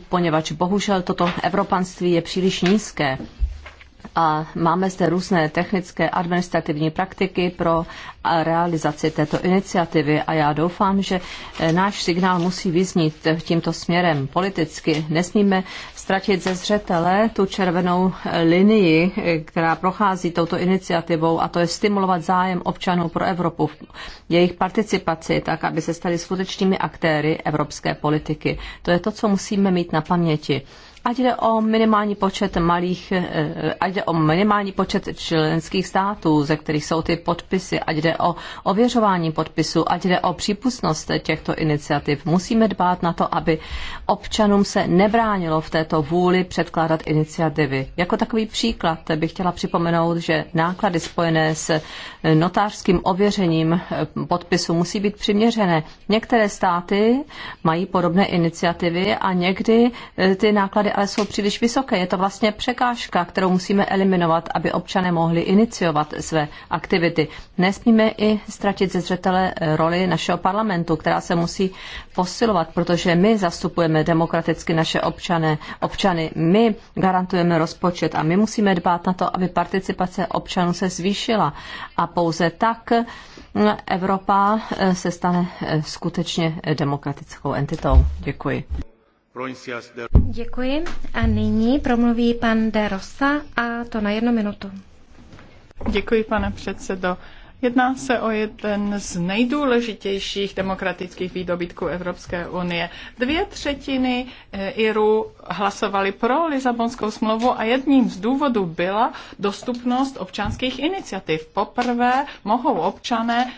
poněvadž bohužel toto evropanství je příliš nízké a máme zde různé technické administrativní praktiky pro realizaci této iniciativy a já doufám, že eh, náš signál musí vyznít eh, tímto směrem politicky. Nesmíme ztratit ze zřetele tu červenou eh, linii, která prochází touto iniciativou a to je stimulovat zájem občanů pro Evropu, jejich participaci, tak aby se stali skutečnými aktéry evropské politiky. To je to, co musíme mít na paměti. Ať jde o minimální počet malých, eh, ať jde o minimální počet členských států, ze kterých jsou ty podpisy, ať jde o ověřování podpisu, ať jde o přípustnost těchto iniciativ. Musíme dbát na to, aby občanům se nebránilo v této vůli předkládat iniciativy. Jako takový příklad bych chtěla připomenout, že náklady spojené s eh, notářským ověřením eh, podpisu musí být přiměřené. Některé státy mají podobné iniciativy a někdy ty náklady ale jsou příliš vysoké. Je to vlastně překážka, kterou musíme eliminovat, aby občané mohli iniciovat své aktivity. Nesmíme i ztratit ze zřetele eh, roli našeho parlamentu, která se musí posilovat, protože my zastupujeme demokraticky naše občané, občany, my garantujeme rozpočet a my musíme dbát na to, aby participace občanů se zvýšila. A pouze tak eh, Evropa eh, se stane skutečně demokratickou entitou. Děkuji. Děkuji. A nyní promluví pan De Rosa a to na jednu minutu. Děkuji, pane předsedo. Jedná se o jeden z nejdůležitějších demokratických výdobytků Evropské unie. Dvě třetiny eh, Irů hlasovali pro Lisabonskou smlouvu a jedním z důvodů byla dostupnost občanských iniciativ. Poprvé mohou občané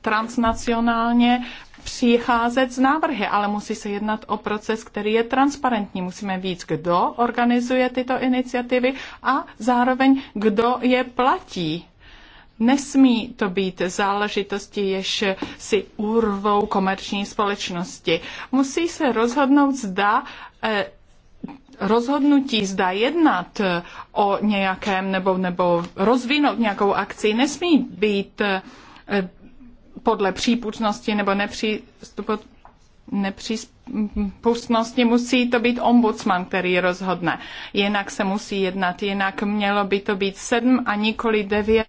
transnacionálně přicházet s návrhy, ale musí se jednat o proces, který je transparentní. Musíme víc, kdo organizuje tyto iniciativy a zároveň kdo je platí. Nesmí to být záležitosti, jež si urvou komerční společnosti. Musí se rozhodnout, zda eh, rozhodnutí, zda jednat eh, o nějakém nebo, nebo rozvinout nějakou akci, nesmí být eh, podle přípustnosti nebo nepřípustnosti musí to být ombudsman, který rozhodne. Jinak se musí jednat, jinak mělo by to být sedm a nikoli devět.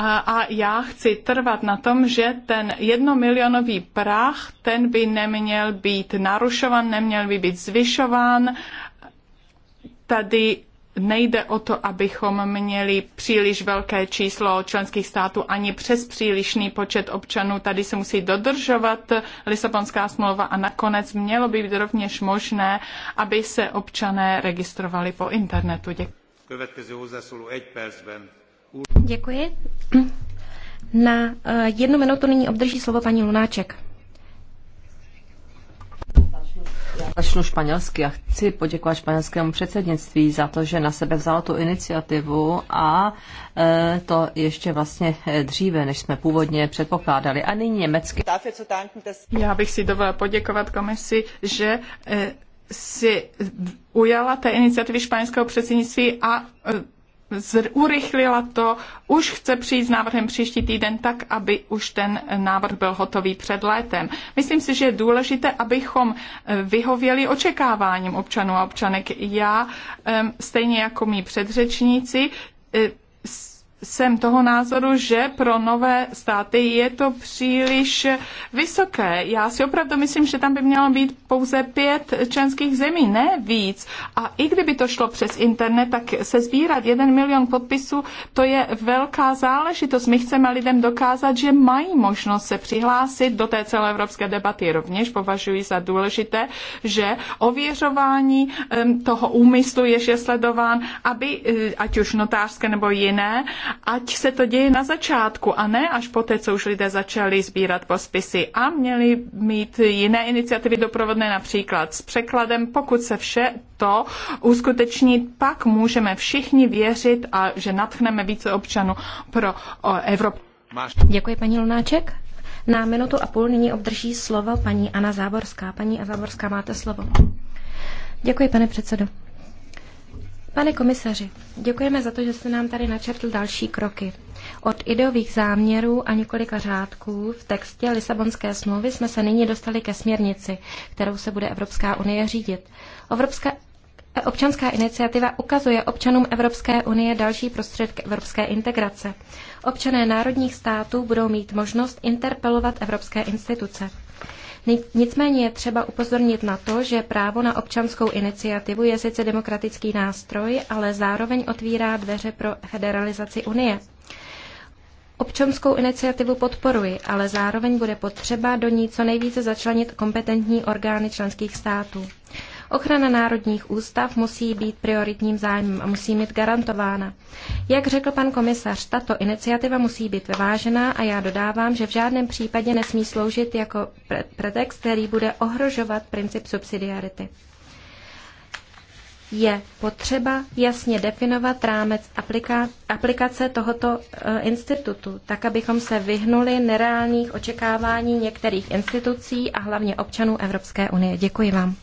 A, a já chci trvat na tom, že ten jednomilionový prach, ten by neměl být narušovan, neměl by být zvyšován. Tady nejde o to, abychom měli příliš velké číslo členských států ani přes přílišný počet občanů. Tady se musí dodržovat Lisabonská smlouva a nakonec mělo by být rovněž možné, aby se občané registrovali po internetu. Děkuji. Děkuji. Na eh, jednu minutu nyní obdrží slovo paní Lunáček. začnu španělsky a chci poděkovat španělskému předsednictví za to, že na sebe vzalo tu iniciativu a e, to ještě vlastně e, dříve, než jsme původně předpokládali. A nyní německy. Já bych si dovolila poděkovat komisi, že e, si ujala té iniciativy španělského předsednictví a urychlila to, už chce přijít s návrhem příští týden tak, aby už ten návrh byl hotový před létem. Myslím si, že je důležité, abychom eh, vyhověli očekáváním občanů a občanek. Já, stejně jako mý předřečníci, eh, jsem toho názoru, že pro nové státy je to příliš vysoké. Já si opravdu myslím, že tam by mělo být pouze pět členských zemí, ne víc. A i kdyby to šlo přes internet, tak se sbírat jeden milion podpisů, to je velká záležitost. My chceme lidem dokázat, že mají možnost se přihlásit do té celé evropské debaty. Rovněž považuji za důležité, že ověřování toho úmyslu, je sledován, aby e, ať už notářské nebo jiné, ať se to děje na začátku a ne až poté, co už lidé začali sbírat pospisy a měli mít jiné iniciativy doprovodné například s překladem. Pokud se vše to uskuteční, pak můžeme všichni věřit a že natchneme více občanů pro Evropu. Děkuji, paní Lunáček. Na minutu a půl nyní obdrží slovo paní Anna Záborská. Paní Záborská, máte slovo. Děkuji, pane předsedo. Pane komisaři, děkujeme za to, že jste nám tady načetl další kroky. Od ideových záměrů a několika řádků v textě Lisabonské smlouvy jsme se nyní dostali ke směrnici, kterou se bude Evropská unie řídit. Evropská, Občanská iniciativa ukazuje občanům Evropské unie další prostředky evropské integrace. Občané národních států budou mít možnost interpelovat evropské instituce. Nicméně je třeba upozornit na to, že právo na občanskou iniciativu je sice demokratický nástroj, ale zároveň otvírá dveře pro federalizaci Unie. Občanskou iniciativu podporuji, ale zároveň bude potřeba do ní co nejvíce začlenit kompetentní orgány členských států. Ochrana národních ústav musí být prioritním zájmem a musí být garantována. Jak řekl pan komisař, tato iniciativa musí být vyvážená a já dodávám, že v žádném případě nesmí sloužit jako pretext, který bude ohrožovat princip subsidiarity je potřeba jasně definovat rámec aplika- aplikace tohoto e, institutu, tak abychom se vyhnuli nereálních očekávání některých institucí a hlavně občanů Evropské unie. Děkuji vám.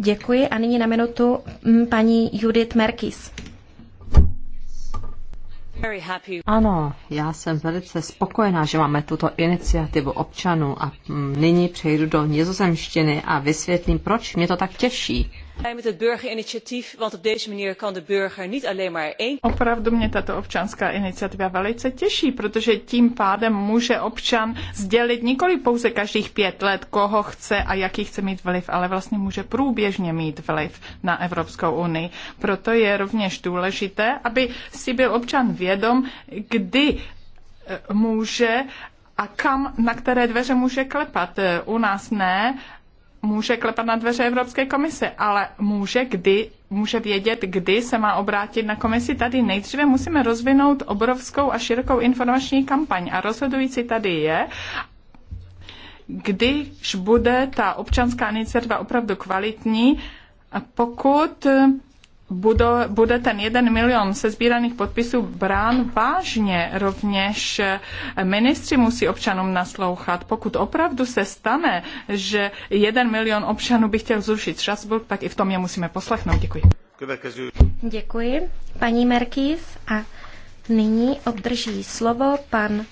Děkuji a nyní na minutu mm, paní Judith Merkis. Ano, já jsem velice spokojená, že máme tuto iniciativu občanů a mm, nyní přejdu do nizozemštiny a vysvětlím, proč mě to tak těší. Opravdu mě tato občanská iniciativa velice těší, protože tím pádem může občan sdělit nikoli pouze každých pět let, koho chce a jaký chce mít vliv, ale vlastně může průběžně mít vliv na Evropskou unii. Proto je rovněž důležité, aby si byl občan vědom, kdy eh, může a kam, na které dveře může klepat. Eh, u nás ne, může klepat na dveře Evropské komise, ale může kdy, může vědět, kdy se má obrátit na komisi tady. Nejdříve musíme rozvinout obrovskou a širokou informační kampaň a rozhodující tady je, když bude ta občanská iniciativa opravdu kvalitní, pokud budo, bude ten jeden milion sezbíraných podpisů brán vážně. Rovněž eh, ministři musí občanům naslouchat. Pokud opravdu se stane, že jeden milion občanů by chtěl zrušit Strasburg, tak i v tom je musíme poslechnout. Děkuji. Děkuji, paní Merkýz. A nyní obdrží slovo pan uh,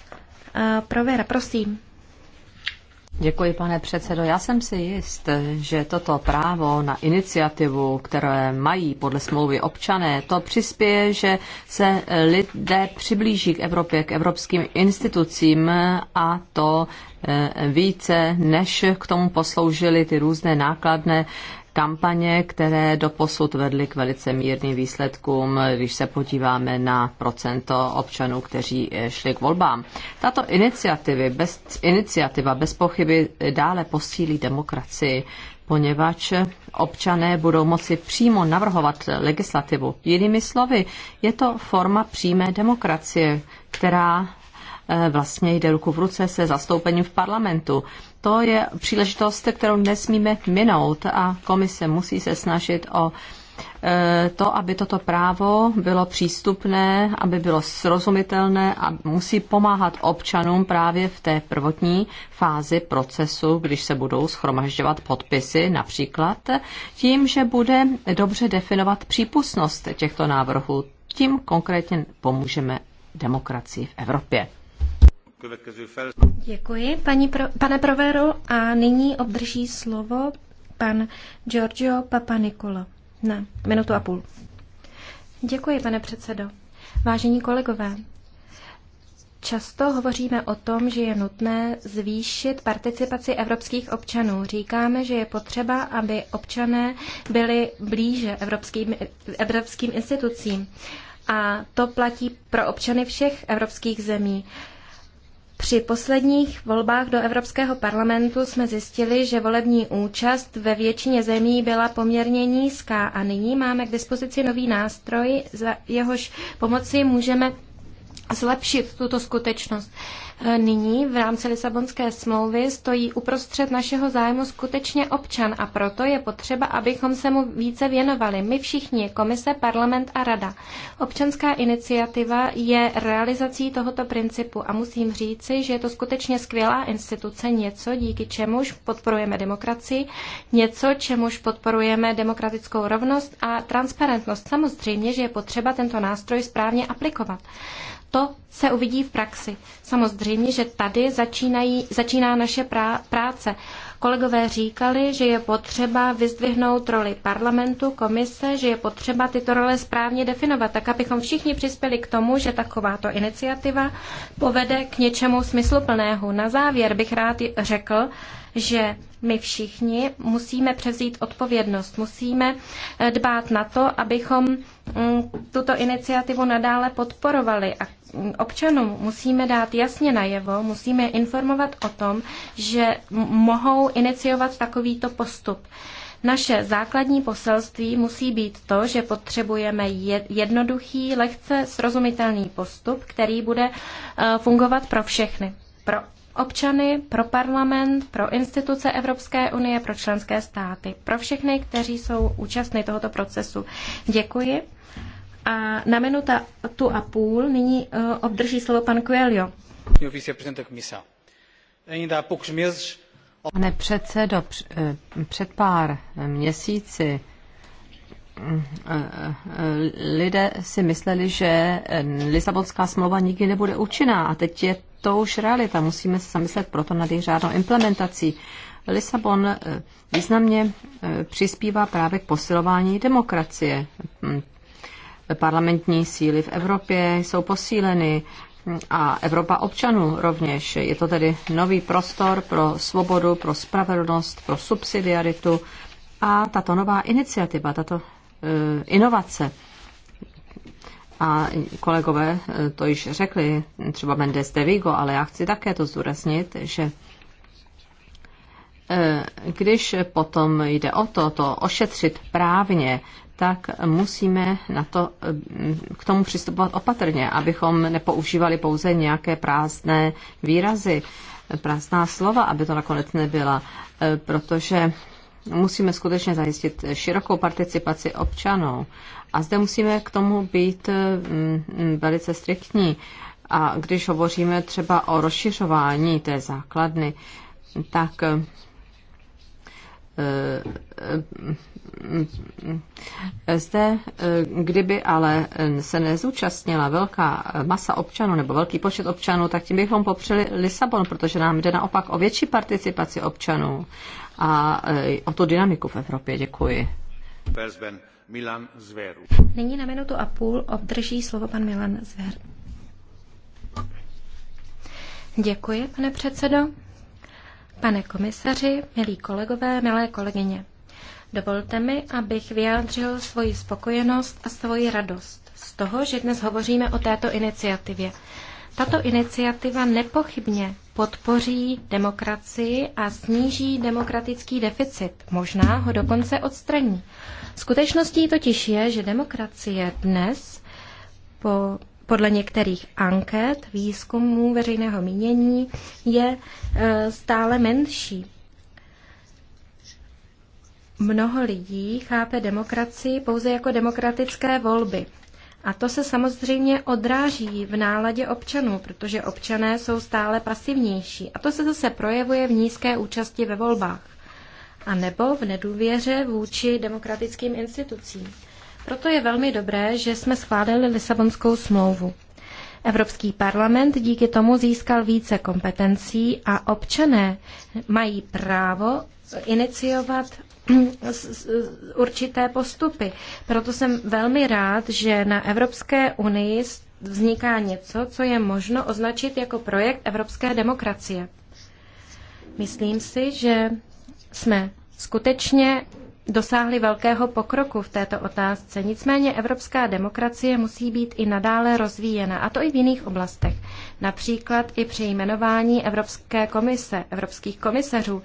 Provera, prosím. Děkuji, pane předsedo. Já jsem si jist, že toto právo na iniciativu, které mají podle smlouvy občané, to přispěje, že se lidé přiblíží k Evropě, k evropským institucím a to Eh, více, než k tomu posloužily ty různé nákladné kampaně, které doposud vedly k velice mírným výsledkům, když se podíváme na procento občanů, kteří eh, šli k volbám. Tato iniciativy, bez, iniciativa bez pochyby dále posílí demokracii, poněvadž občané budou moci přímo navrhovat legislativu. Jinými slovy, je to forma přímé demokracie, která Eh, vlastně jde ruku v ruce se zastoupením v parlamentu. To je příležitost, kterou nesmíme minout a komise musí se snažit o eh, to, aby toto právo bylo přístupné, aby bylo srozumitelné a musí pomáhat občanům právě v té prvotní fázi procesu, když se budou schromažďovat podpisy například, tím, že bude dobře definovat přípustnost těchto návrhů. Tím konkrétně pomůžeme demokracii v Evropě. Děkuji, paní pro, pane Provero. A nyní obdrží slovo pan Giorgio Papanikolo na minutu a půl. Děkuji, pane předsedo. Vážení kolegové, Často hovoříme o tom, že je nutné zvýšit participaci evropských občanů. Říkáme, že je potřeba, aby občané byli blíže evropským, evropským institucím. A to platí pro občany všech evropských zemí. Při posledních volbách do Evropského parlamentu jsme zjistili, že volební účast ve většině zemí byla poměrně nízká a nyní máme k dispozici nový nástroj, za jehož pomoci můžeme zlepšit tuto skutečnost. E, nyní v rámci Lisabonské smlouvy stojí uprostřed našeho zájmu skutečně občan a proto je potřeba, abychom se mu více věnovali. My všichni, komise, parlament a rada. Občanská iniciativa je realizací tohoto principu a musím říci, že je to skutečně skvělá instituce, něco, díky čemuž podporujeme demokracii, něco, čemuž podporujeme demokratickou rovnost a transparentnost. Samozřejmě, že je potřeba tento nástroj správně aplikovat. To se uvidí v praxi. Samozřejmě, že tady začínají, začíná naše prá, práce. Kolegové říkali, že je potřeba vyzdvihnout roli parlamentu, komise, že je potřeba tyto role správně definovat, tak abychom všichni přispěli k tomu, že takováto iniciativa povede k něčemu smysluplného. Na závěr bych rád řekl, že my všichni musíme převzít odpovědnost, musíme eh, dbát na to, abychom mm, tuto iniciativu nadále podporovali a občanům musíme dát jasně najevo, musíme informovat o tom, že mohou iniciovat takovýto postup. Naše základní poselství musí být to, že potřebujeme jednoduchý, lehce srozumitelný postup, který bude eh, fungovat pro všechny. Pro občany, pro parlament, pro instituce Evropské unie, pro členské státy, pro všechny, kteří jsou účastní tohoto procesu. Děkuji a na minuta tu a půl nyní e, obdrží slovo pan Coelho. Pane předsedo, e, před pár e, měsíci lidé si mysleli, že Lisabonská smlouva nikdy nebude účinná a teď je to už realita. Musíme se zamyslet proto nad její řádnou implementací. Lisabon významně přispívá právě k posilování demokracie parlamentní síly v Evropě jsou posíleny a Evropa občanů rovněž. Je to tedy nový prostor pro svobodu, pro spravedlnost, pro subsidiaritu a tato nová iniciativa, tato e, inovace. A kolegové e, to již řekli, třeba Mendes de Vigo, ale já chci také to zdůraznit, že e, když potom jde o to, to ošetřit právně, tak musíme na to, k tomu přistupovat opatrně, abychom nepoužívali pouze nějaké prázdné výrazy, prázdná slova, aby to nakonec nebyla, protože musíme skutečně zajistit širokou participaci občanů. A zde musíme k tomu být mm, velice striktní. A když hovoříme třeba o rozšiřování té základny, tak zde, kdyby ale se nezúčastnila velká masa občanů nebo velký počet občanů, tak tím bychom popřeli Lisabon, protože nám jde naopak o větší participaci občanů a e, o tu dynamiku v Evropě. Děkuji. Milan Zveru. Nyní na minutu a půl obdrží slovo pan Milan Zver. Děkuji, pane předsedo. Pane komisaři, milí kolegové, milé kolegyně, dovolte mi, abych vyjádřil svoji spokojenost a svoji radost z toho, že dnes hovoříme o této iniciativě. Tato iniciativa nepochybně podpoří demokracii a sníží demokratický deficit. Možná ho dokonce odstraní. Skutečností totiž je, že demokracie dnes po podle některých anket, výzkumů veřejného mínění je e, stále menší. Mnoho lidí chápe demokracii pouze jako demokratické volby. A to se samozřejmě odráží v náladě občanů, protože občané jsou stále pasivnější. A to se zase projevuje v nízké účasti ve volbách. A nebo v nedůvěře vůči demokratickým institucím. Proto je velmi dobré, že jsme schválili Lisabonskou smlouvu. Evropský parlament díky tomu získal více kompetencí a občané mají právo iniciovat určité postupy. Proto jsem velmi rád, že na Evropské unii vzniká něco, co je možno označit jako projekt evropské demokracie. Myslím si, že jsme skutečně dosáhli velkého pokroku v této otázce. Nicméně evropská demokracie musí být i nadále rozvíjena, a to i v jiných oblastech. Například i při jmenování Evropské komise, evropských komisařů.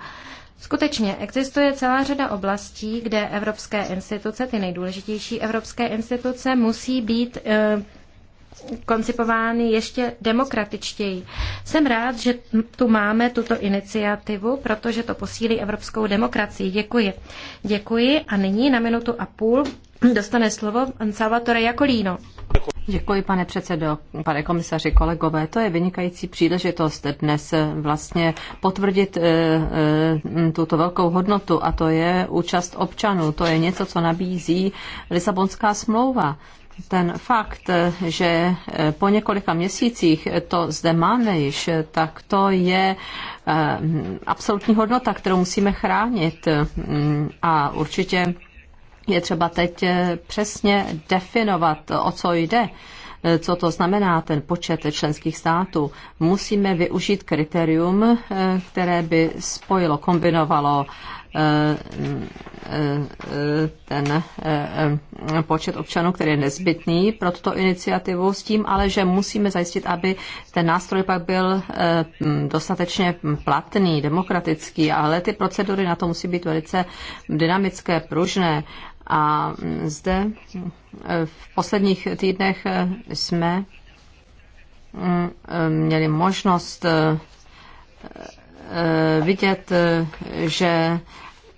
Skutečně existuje celá řada oblastí, kde evropské instituce, ty nejdůležitější evropské instituce, musí být e, koncipovány ještě demokratičtěji. Jsem rád, že tu máme tuto iniciativu, protože to posílí evropskou demokracii. Děkuji. Děkuji a nyní na minutu a půl dostane slovo Salvatore Jakolíno. Děkuji, pane předsedo, pane komisaři, kolegové. To je vynikající příležitost dnes vlastně potvrdit eh, eh, tuto velkou hodnotu a to je účast občanů. To je něco, co nabízí Lisabonská smlouva ten fakt, že eh, po několika měsících to zde máme již, tak to je eh, absolutní hodnota, kterou musíme chránit. Mm, a určitě je třeba teď eh, přesně definovat, o co jde co to znamená ten počet členských států, musíme využít kritérium, které by spojilo, kombinovalo ten eh, eh, počet občanů, který je nezbytný pro tuto iniciativu, s tím ale, že musíme zajistit, aby ten nástroj pak byl eh, dostatečně platný, demokratický, ale ty procedury na to musí být velice dynamické, pružné. A mm, zde v posledních týdnech jsme mm, měli možnost Eh, vidět, eh, že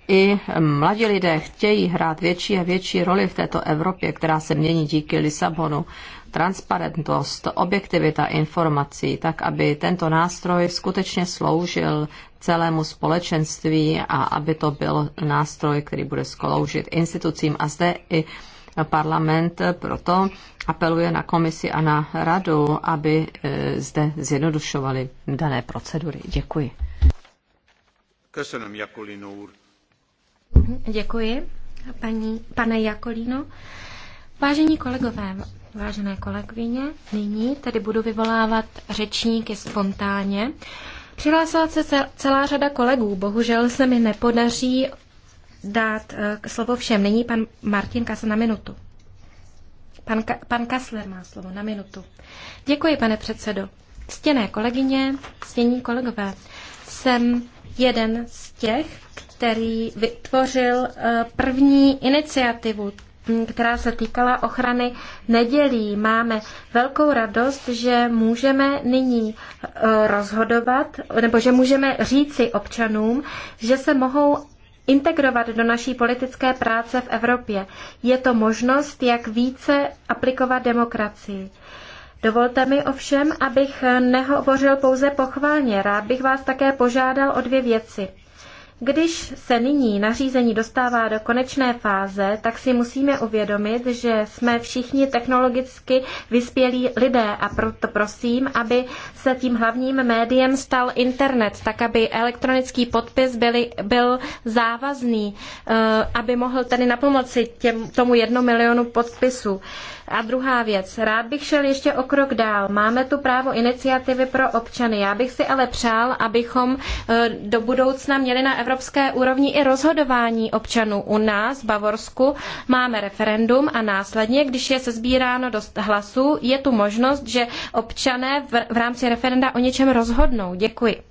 i mladí lidé chtějí hrát větší a větší roli v této Evropě, která se mění díky Lisabonu. Transparentnost, objektivita informací, tak aby tento nástroj skutečně sloužil celému společenství a aby to byl nástroj, který bude sloužit institucím. A zde i parlament proto apeluje na komisi a na radu, aby eh, zde zjednodušovali dané procedury. Děkuji. Děkuji, pane Jakolino. Vážení kolegové, vážené kolegyně, nyní tady budu vyvolávat řečníky spontánně. Přihlásila se celá řada kolegů, bohužel se mi nepodaří dát eh, slovo všem. Nyní pan Martin Kasa na minutu. Pan, Ka- pan Kasler má slovo na minutu. Děkuji, pane předsedo. Ctěné kolegyně, ctění kolegové, jsem jeden z těch, který vytvořil eh, první iniciativu, hm, která se týkala ochrany nedělí. Máme velkou radost, že můžeme nyní eh, rozhodovat, nebo že můžeme říci občanům, že se mohou integrovat do naší politické práce v Evropě. Je to možnost, jak více aplikovat demokracii. Dovolte mi ovšem, abych nehovořil pouze pochválně. Rád bych vás také požádal o dvě věci. Když se nyní nařízení dostává do konečné fáze, tak si musíme uvědomit, že jsme všichni technologicky vyspělí lidé a proto prosím, aby se tím hlavním médiem stal internet, tak aby elektronický podpis byli, byl závazný, eh, aby mohl tedy napomoci těm, tomu jednu milionu podpisů. A druhá věc, rád bych šel ještě o krok dál. Máme tu právo iniciativy pro občany. Já bych si ale přál, abychom e, do budoucna měli na evropské úrovni i rozhodování občanů. U nás v Bavorsku máme referendum a následně, když je sezbíráno dost hlasů, je tu možnost, že občané v rámci referenda o něčem rozhodnou. Děkuji.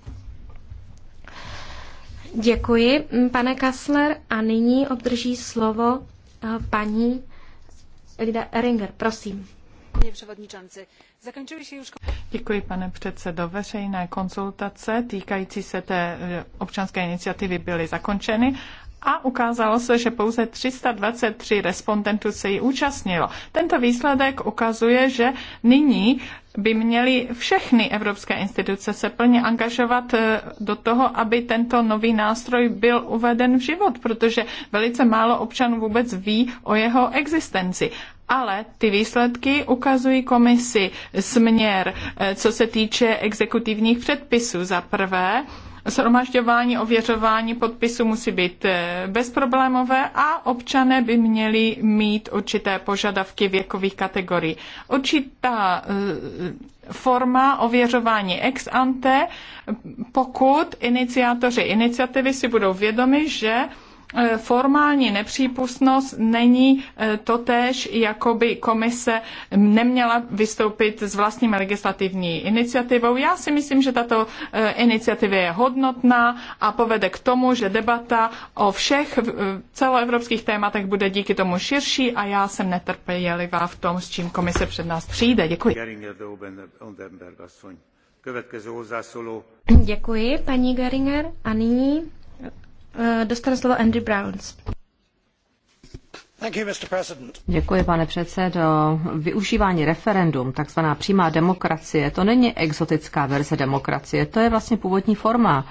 Děkuji, pane Kassler. A nyní obdrží slovo e, paní Děkuji, pane předsedo. Veřejné konzultace týkající se té eh, občanské iniciativy byly zakončeny a ukázalo se, že pouze 323 respondentů se jí účastnilo. Tento výsledek ukazuje, že nyní by měly všechny evropské instituce se plně angažovat eh, do toho, aby tento nový nástroj byl uveden v život, protože velice málo občanů vůbec ví o jeho existenci. Ale ty výsledky ukazují komisi směr, eh, co se týče exekutivních předpisů. Za prvé, shromažďování, ověřování podpisu musí být eh, bezproblémové a občané by měli mít určité požadavky věkových kategorií. Určitá eh, forma ověřování ex ante, pokud iniciátoři iniciativy si budou vědomi, že Eh, formální nepřípustnost není eh, totéž, jako by komise neměla vystoupit s vlastní legislativní iniciativou. Já si myslím, že tato eh, iniciativa je hodnotná a povede k tomu, že debata o všech celoevropských tématech bude díky tomu širší a já jsem netrpělivá v tom, s čím komise před nás přijde. Děkuji. Děkuji, paní Geringer. A nyní Eh, dostane slovo Andy Browns. Děkuji, pane předsedo. Využívání referendum, takzvaná přímá demokracie, to není exotická verze demokracie, to je vlastně původní forma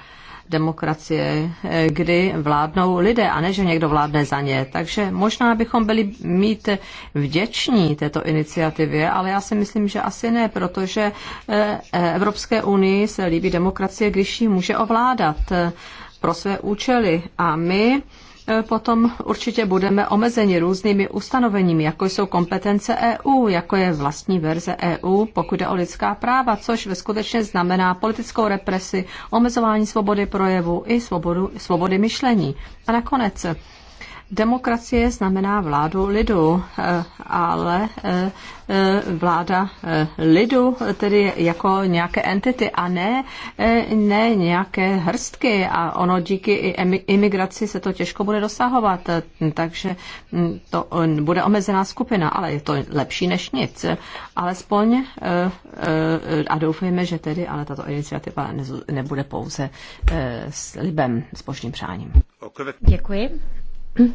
demokracie, eh, kdy vládnou lidé a ne, že někdo vládne za ně. Takže možná bychom byli mít vděční této iniciativě, ale já si myslím, že asi ne, protože eh, Evropské unii se líbí demokracie, když ji může ovládat pro své účely a my e, potom určitě budeme omezeni různými ustanoveními, jako jsou kompetence EU, jako je vlastní verze EU, pokud jde o lidská práva, což ve skutečně znamená politickou represi, omezování svobody projevu i svobodu, svobody myšlení. A nakonec Demokracie znamená vládu lidu, eh, ale eh, eh, vláda lidu, tedy jako nějaké entity a ne, ne nějaké hrstky a ono díky imigraci se to těžko bude dosahovat, takže hm, to bude omezená skupina, ale je to lepší než nic. Alespoň a doufujeme, že tedy ale tato iniciativa nebude pouze s libem, s božním přáním. Děkuji. Hm.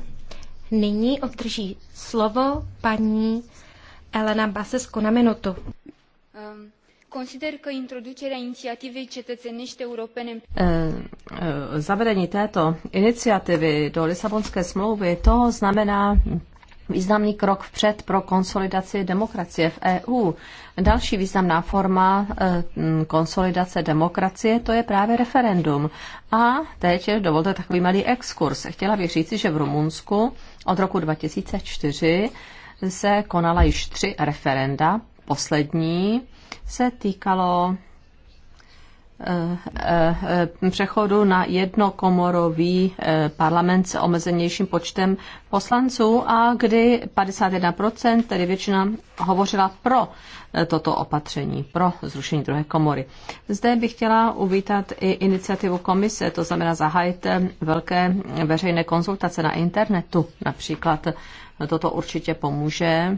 Nyní obdrží slovo paní Elena Basescu na minutu. Um eh, eh, Zavedení této iniciativy do Lisabonské smlouvy, to znamená významný krok vpřed pro konsolidaci demokracie v EU. Další významná forma eh, konsolidace demokracie to je právě referendum. A teď dovolte takový malý exkurs. Chtěla bych říci, že v Rumunsku od roku 2004 se konala již tři referenda. Poslední se týkalo Eh, eh, přechodu na jednokomorový eh, parlament s omezenějším počtem poslanců a kdy 51%, tedy většina, hovořila pro toto opatření, pro zrušení druhé komory. Zde bych chtěla uvítat i iniciativu komise, to znamená zahájit velké veřejné konzultace na internetu například. Toto určitě pomůže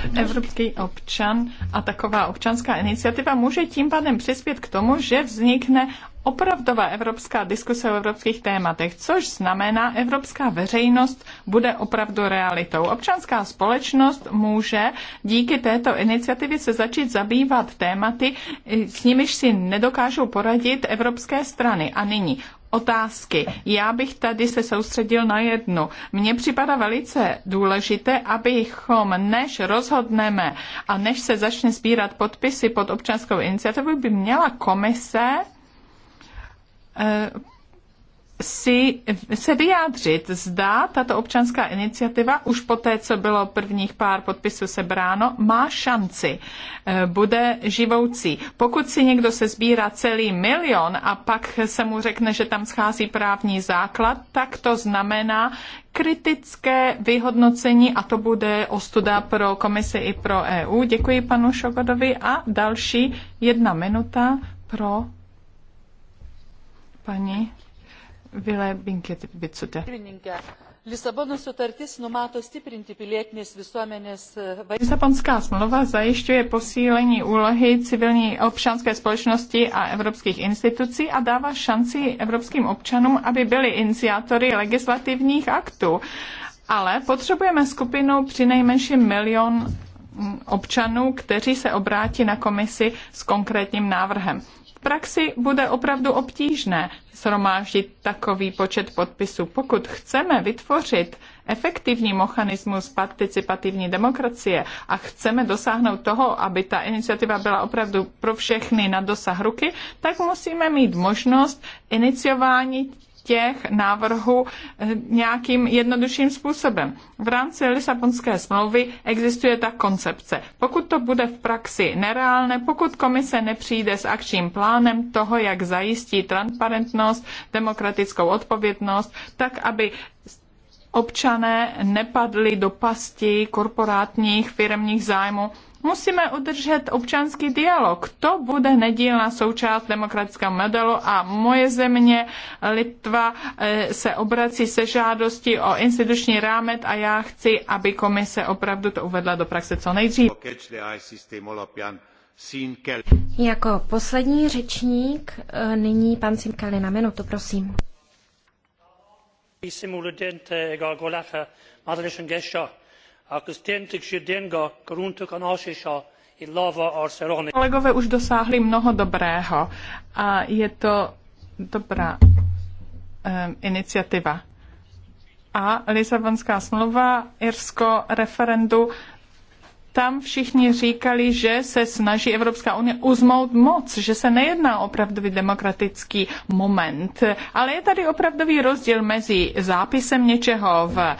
evropský občan a taková občanská iniciativa může tím pádem přispět k tomu, že vznikne opravdová evropská diskuse o evropských tématech, což znamená, evropská veřejnost bude opravdu realitou. Občanská společnost může díky této iniciativě se začít zabývat tématy, s nimiž si nedokážou poradit evropské strany. A nyní otázky. Já bych tady se soustředil na jednu. Mně připadá velice důležité, abychom, než rozhodneme a než se začne sbírat podpisy pod občanskou iniciativu, by měla komise eh, si, se vyjádřit, zda tato občanská iniciativa už po té, co bylo prvních pár podpisů sebráno, má šanci, eh, bude živoucí. Pokud si někdo se sbírá celý milion a pak se mu řekne, že tam schází právní základ, tak to znamená kritické vyhodnocení a to bude ostuda pro komisi i pro EU. Děkuji panu Šogodovi a další jedna minuta pro paní Vilė Binkit Bitsutė. Lisabonų sutartis numato stiprinti pilietinės visuomenės e, vaidmenį. Lisabonská smlouva zajišťuje posílení úlohy civilní občanské společnosti a evropských institucí a dává šanci evropským občanům, aby byli iniciátory legislativních aktů. Ale potřebujeme skupinu přinejmenším milion občanů, kteří se obrátí na komisi s konkrétním návrhem praxi bude opravdu obtížné shromáždit takový počet podpisů. Pokud chceme vytvořit efektivní mechanismus participativní demokracie a chceme dosáhnout toho, aby ta iniciativa byla opravdu pro všechny na dosah ruky, tak musíme mít možnost iniciování těch návrhů eh, nějakým jednodušším způsobem. V rámci Lisabonské smlouvy existuje ta koncepce. Pokud to bude v praxi nereálné, pokud komise nepřijde s akčním plánem toho, jak zajistí transparentnost, demokratickou odpovědnost, tak aby občané nepadli do pasti korporátních firmních zájmů, Musíme udržet občanský dialog. To bude nedílná součást demokratického modelu a moje země Litva eh, se obrací se žádostí o instituční rámec a já chci, aby komise opravdu to uvedla do praxe co nejdříve. Jako poslední řečník eh, nyní pan Simkeli na minutu, prosím agus Kolegové už dosáhli mnoho dobrého a je to dobrá um, iniciativa. A Lisabonská smlouva, Irsko, referendu tam všichni říkali, že se snaží Evropská unie uzmout moc, že se nejedná o opravdový demokratický moment. Ale je tady opravdový rozdíl mezi zápisem něčeho v e,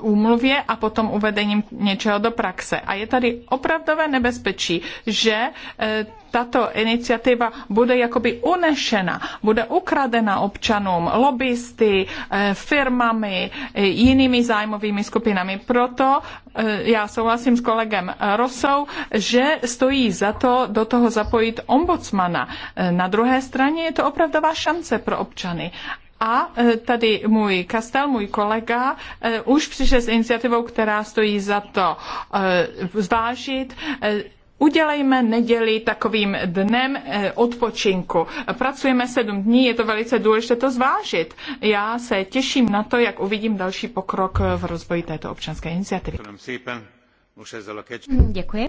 úmluvě a potom uvedením něčeho do praxe. A je tady opravdové nebezpečí, že e, tato iniciativa bude jakoby unešena, bude ukradena občanům, lobbysty, eh, firmami, eh, jinými zájmovými skupinami. Proto eh, já souhlasím s kolegem Rosou, že stojí za to do toho zapojit ombudsmana. Na druhé straně je to opravdová šance pro občany. A tady můj Kastel, můj kolega, už přišel s iniciativou, která stojí za to zvážit Udělejme neděli takovým dnem eh, odpočinku. Pracujeme sedm dní, je to velice důležité to zvážit. Já se těším na to, jak uvidím další pokrok v rozvoji této občanské iniciativy. Děkuji.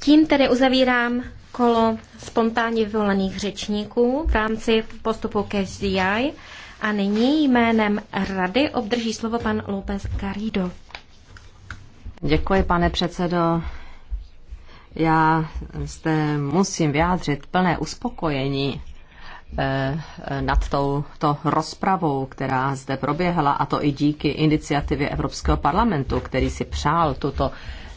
Tím tedy uzavírám kolo spontánně vyvolených řečníků v rámci postupu KSDI a nyní jménem Rady obdrží slovo pan López Garrido. Děkuji, pane předsedo. Já zde musím vyjádřit plné uspokojení eh, eh, nad touto rozpravou, která zde proběhla, a to i díky iniciativě Evropského parlamentu, který si přál tuto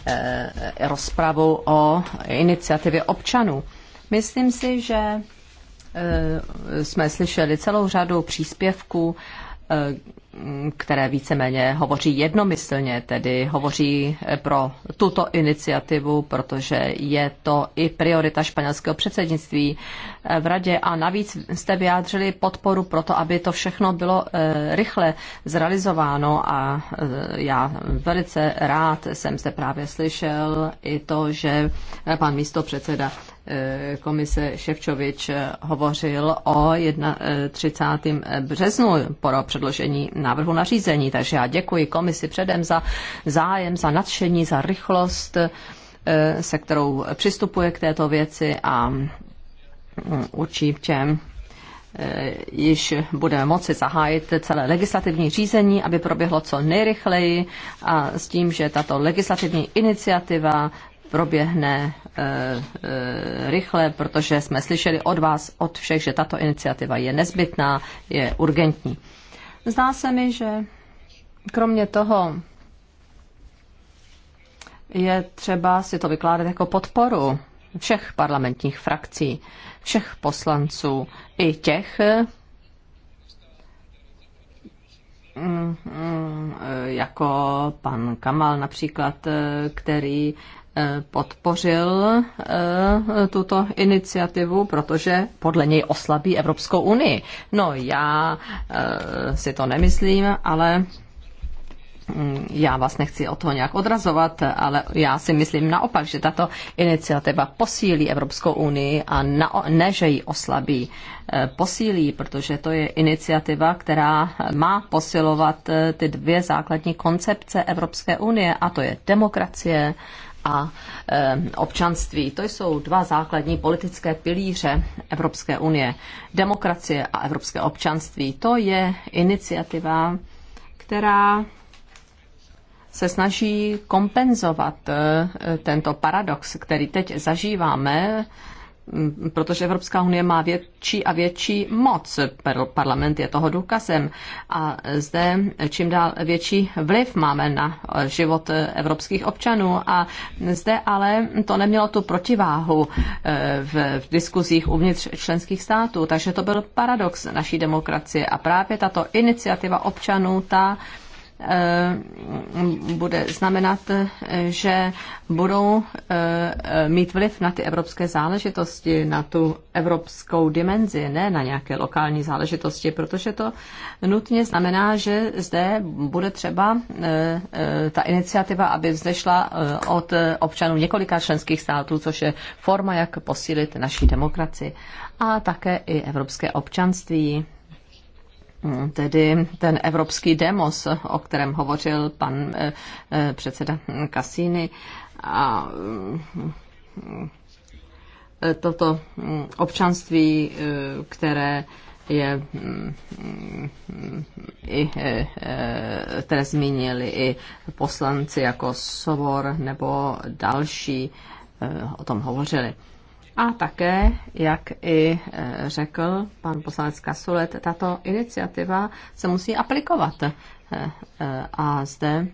eh, rozpravu o iniciativě občanů. Myslím si, že jsme slyšeli celou řadu příspěvků Mm, které víceméně hovoří jednomyslně, tedy hovoří eh, pro tuto iniciativu, protože je to i priorita španělského předsednictví v radě a navíc jste vyjádřili podporu pro to, aby to všechno bylo eh, rychle zrealizováno a eh, já velice rád jsem se právě slyšel i to, že pan místo předseda eh, komise Ševčovič hovořil o 31. březnu pro předložení návrhu nařízení. Takže já děkuji komisi předem za zájem, za nadšení, za rychlost, se kterou přistupuje k této věci a určitě e, již budeme moci zahájit celé legislativní řízení, aby proběhlo co nejrychleji a s tím, že tato legislativní iniciativa proběhne e, e, rychle, protože jsme slyšeli od vás, od všech, že tato iniciativa je nezbytná, je urgentní. Zdá se mi, že kromě toho je třeba si to vykládat jako podporu všech parlamentních frakcí. E, všech poslanců, i těch, jako pan Kamal například, který eh, podpořil eh, tuto iniciativu, protože podle něj oslabí Evropskou unii. No já eh, si to nemyslím, ale já vás nechci o toho nějak odrazovat, ale já si myslím naopak, že tato iniciativa posílí Evropskou unii a na, ne, že ji oslabí, eh, posílí, protože to je iniciativa, která má posilovat eh, ty dvě základní koncepce Evropské unie, a to je demokracie a eh, občanství. To jsou dva základní politické pilíře Evropské unie. Demokracie a evropské občanství. To je iniciativa, která se snaží kompenzovat eh, tento paradox, který teď zažíváme, mm, protože Evropská unie má větší a větší moc. Parlament je toho důkazem. A zde čím dál větší vliv máme na eh, život eh, evropských občanů. A zde ale to nemělo tu protiváhu v, diskuzích uvnitř členských států. Takže to byl paradox naší demokracie. A právě tato iniciativa občanů, ta Eh, bude znamenat, eh, že budou eh, mít vliv na ty evropské záležitosti, na tu evropskou dimenzi, ne na nějaké lokální záležitosti, protože to nutně znamená, že zde bude třeba ta iniciativa, aby vzešla od občanů několika členských států, což je forma, jak posílit naší demokracii a také i evropské občanství tedy ten evropský demos, o kterém hovořil pan eh, eh, předseda Cassini. A eh, toto mm, občanství, které je mm, i, které zmínili i poslanci jako Sovor nebo další, o tom hovořili. A také, jak i e, řekl pan poslanec Kasulet, tato iniciativa se musí aplikovat. E, e, a zde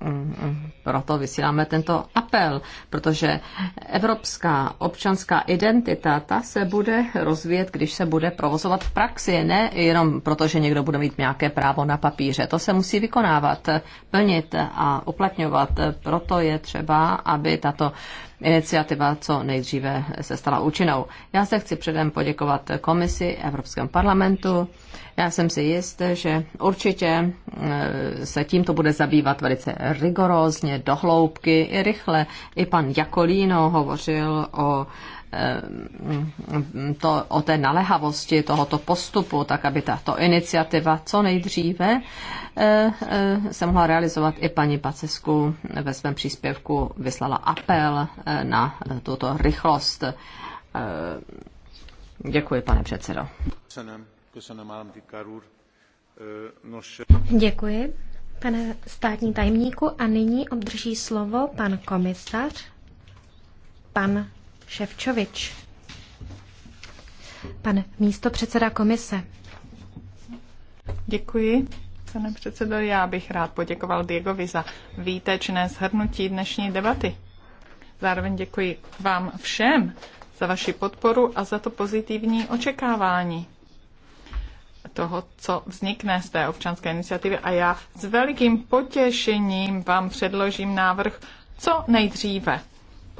mm, mm, proto vysíláme tento apel, protože evropská občanská identita, ta se bude rozvíjet, když se bude provozovat v praxi, ne jenom proto, že někdo bude mít nějaké právo na papíře. To se musí vykonávat, plnit a uplatňovat. Proto je třeba, aby tato iniciativa co nejdříve se stala účinnou. Já se chci předem poděkovat komisi Evropském parlamentu. Já jsem si jist, že určitě eh, se tímto bude zabývat velice rigorózně, dohloubky, i rychle. I pan Jakolíno hovořil o Ehm, to, o té naléhavosti tohoto postupu, tak aby tato iniciativa co nejdříve eh, eh, se mohla realizovat. I paní Pacesku ve svém příspěvku vyslala apel eh, na tuto rychlost. Děkuji, pane předsedo. Děkuji, pane státní tajemníku. A nyní obdrží slovo pan komisař, pan Ševčovič. pan místo předseda komise. Děkuji. Pane předsedo, já bych rád poděkoval Diegovi za výtečné shrnutí dnešní debaty. Zároveň děkuji vám všem za vaši podporu a za to pozitivní očekávání toho, co vznikne z té občanské iniciativy. A já s velikým potěšením vám předložím návrh co nejdříve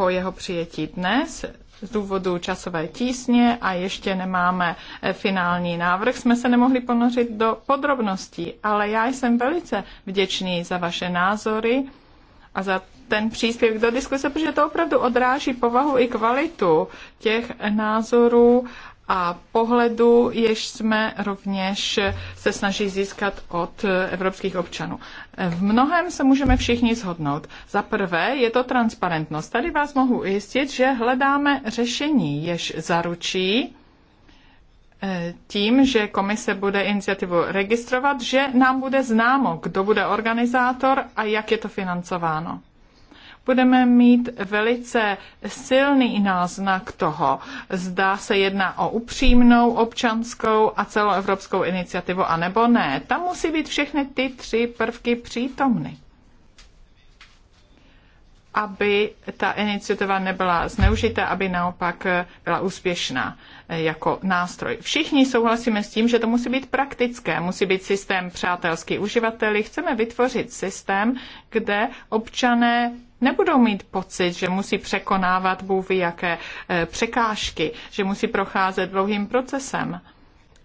po jeho přijetí dnes z důvodu časové tísně a ještě nemáme eh, finální návrh, jsme se nemohli ponořit do podrobností, ale já jsem velice vděčný za vaše názory a za ten příspěvek do diskuse, protože to opravdu odráží povahu i kvalitu těch názorů a pohledu, jež jsme rovněž se snaží získat od eh, evropských občanů. V mnohem se můžeme všichni shodnout. Za prvé je to transparentnost. Tady vás mohu ujistit, že hledáme řešení, jež zaručí eh, tím, že komise bude iniciativu registrovat, že nám bude známo, kdo bude organizátor a jak je to financováno budeme mít velice silný náznak toho, zda se jedná o upřímnou občanskou a celoevropskou iniciativu, anebo ne. Tam musí být všechny ty tři prvky přítomny aby ta iniciativa nebyla zneužita, aby naopak byla úspěšná jako nástroj. Všichni souhlasíme s tím, že to musí být praktické, musí být systém přátelský uživateli. Chceme vytvořit systém, kde občané nebudou mít pocit, že musí překonávat bůvy jaké e, překážky, že musí procházet dlouhým procesem.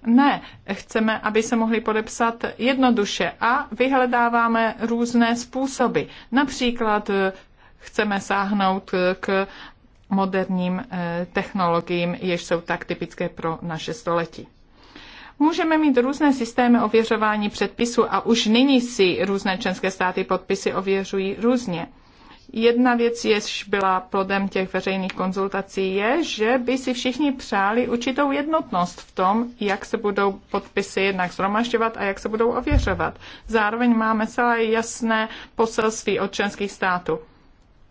Ne, chceme, aby se mohli podepsat jednoduše a vyhledáváme různé způsoby. Například e, chceme sáhnout k moderním e, technologiím, jež jsou tak typické pro naše století. Můžeme mít různé systémy ověřování předpisů a už nyní si různé členské státy podpisy ověřují různě. Jedna věc, jež byla plodem těch veřejných konzultací, je, že by si všichni přáli určitou jednotnost v tom, jak se budou podpisy jednak zhromažďovat a jak se budou ověřovat. Zároveň máme celé jasné poselství od členských států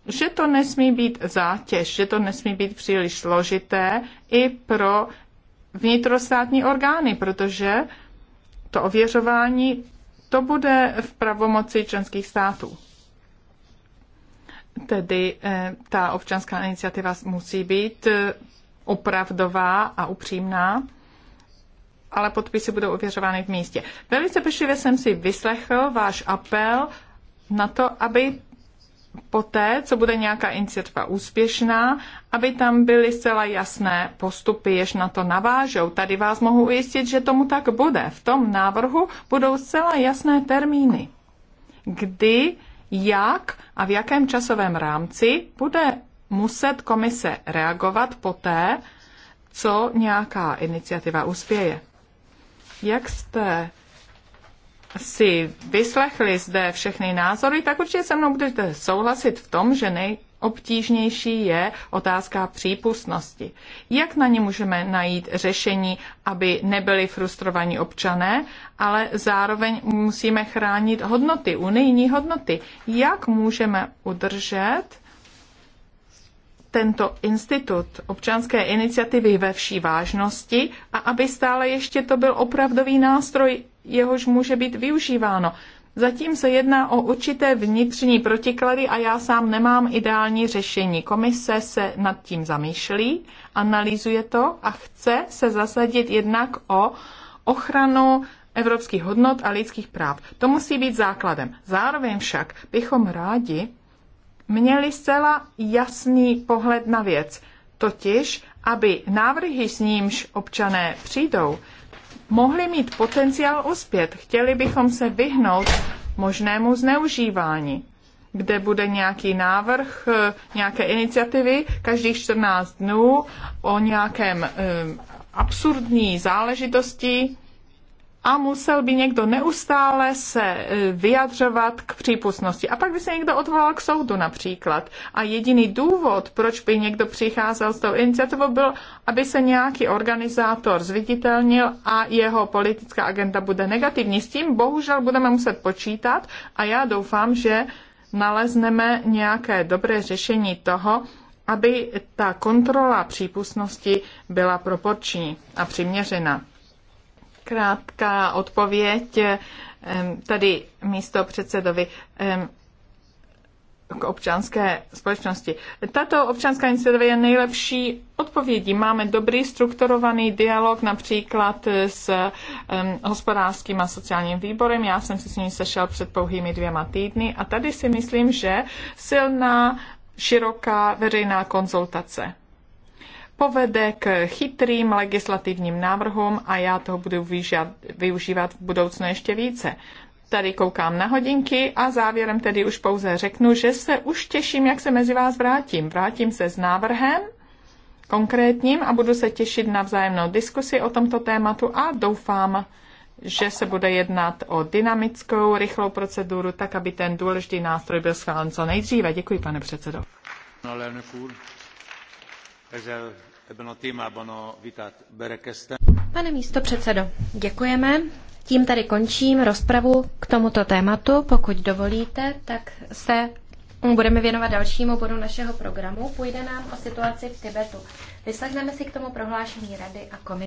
že to nesmí být zátěž, že to nesmí být příliš složité i pro vnitrostátní orgány, protože to ověřování to bude v pravomoci členských států. Tedy eh, ta občanská iniciativa musí být eh, opravdová a upřímná, ale podpisy budou ověřovány v místě. Velice pešlivě jsem si vyslechl váš apel na to, aby poté, co bude nějaká iniciativa úspěšná, aby tam byly zcela jasné postupy, jež na to navážou. Tady vás mohu ujistit, že tomu tak bude. V tom návrhu budou zcela jasné termíny, kdy jak a v jakém časovém rámci bude muset komise reagovat poté, co nějaká iniciativa uspěje. Jak jste si vyslechli zde všechny názory, tak určitě se mnou budete souhlasit v tom, že nej, obtížnější je otázka přípustnosti. Jak na ně můžeme najít řešení, aby nebyli frustrovaní občané, ale zároveň musíme chránit hodnoty, unijní hodnoty. Jak můžeme udržet tento institut občanské iniciativy ve vší vážnosti a aby stále ještě to byl opravdový nástroj, jehož může být využíváno. Zatím se jedná o určité vnitřní protiklady a já sám nemám ideální řešení. Komise se nad tím zamýšlí, analyzuje to a chce se zasadit jednak o ochranu evropských hodnot a lidských práv. To musí být základem. Zároveň však bychom rádi měli zcela jasný pohled na věc, totiž aby návrhy, s nímž občané přijdou, Mohli mít potenciál uspět. Chtěli bychom se vyhnout možnému zneužívání, kde bude nějaký návrh, eh, nějaké iniciativy každých 14 dnů o nějakém eh, absurdní záležitosti, a musel by někdo neustále se e, vyjadřovat k přípustnosti. A pak by se někdo odvolal k soudu například. A jediný důvod, proč by někdo přicházel s tou iniciativou, byl, aby se nějaký organizátor zviditelnil a jeho politická agenda bude negativní. S tím bohužel budeme muset počítat a já doufám, že nalezneme nějaké dobré řešení toho, aby ta kontrola přípustnosti byla proporční a přiměřená. Krátká odpověď tady místo předsedovi k občanské společnosti. Tato občanská iniciativa je nejlepší odpovědí. Máme dobrý strukturovaný dialog například s um, hospodářským a sociálním výborem. Já jsem se s ním sešel před pouhými dvěma týdny a tady si myslím, že silná, široká veřejná konzultace povede k chytrým legislativním návrhům a já toho budu využívat v budoucnu ještě více. Tady koukám na hodinky a závěrem tedy už pouze řeknu, že se už těším, jak se mezi vás vrátím. Vrátím se s návrhem konkrétním a budu se těšit na vzájemnou diskusi o tomto tématu a doufám, že se bude jednat o dynamickou, rychlou proceduru, tak aby ten důležitý nástroj byl schválen co nejdříve. Děkuji, pane předsedo. No, Pane místo předsedo, děkujeme. Tím tady končím rozpravu k tomuto tématu. Pokud dovolíte, tak se budeme věnovat dalšímu bodu našeho programu. Půjde nám o situaci v Tibetu. Vyslechneme si k tomu prohlášení Rady a komise.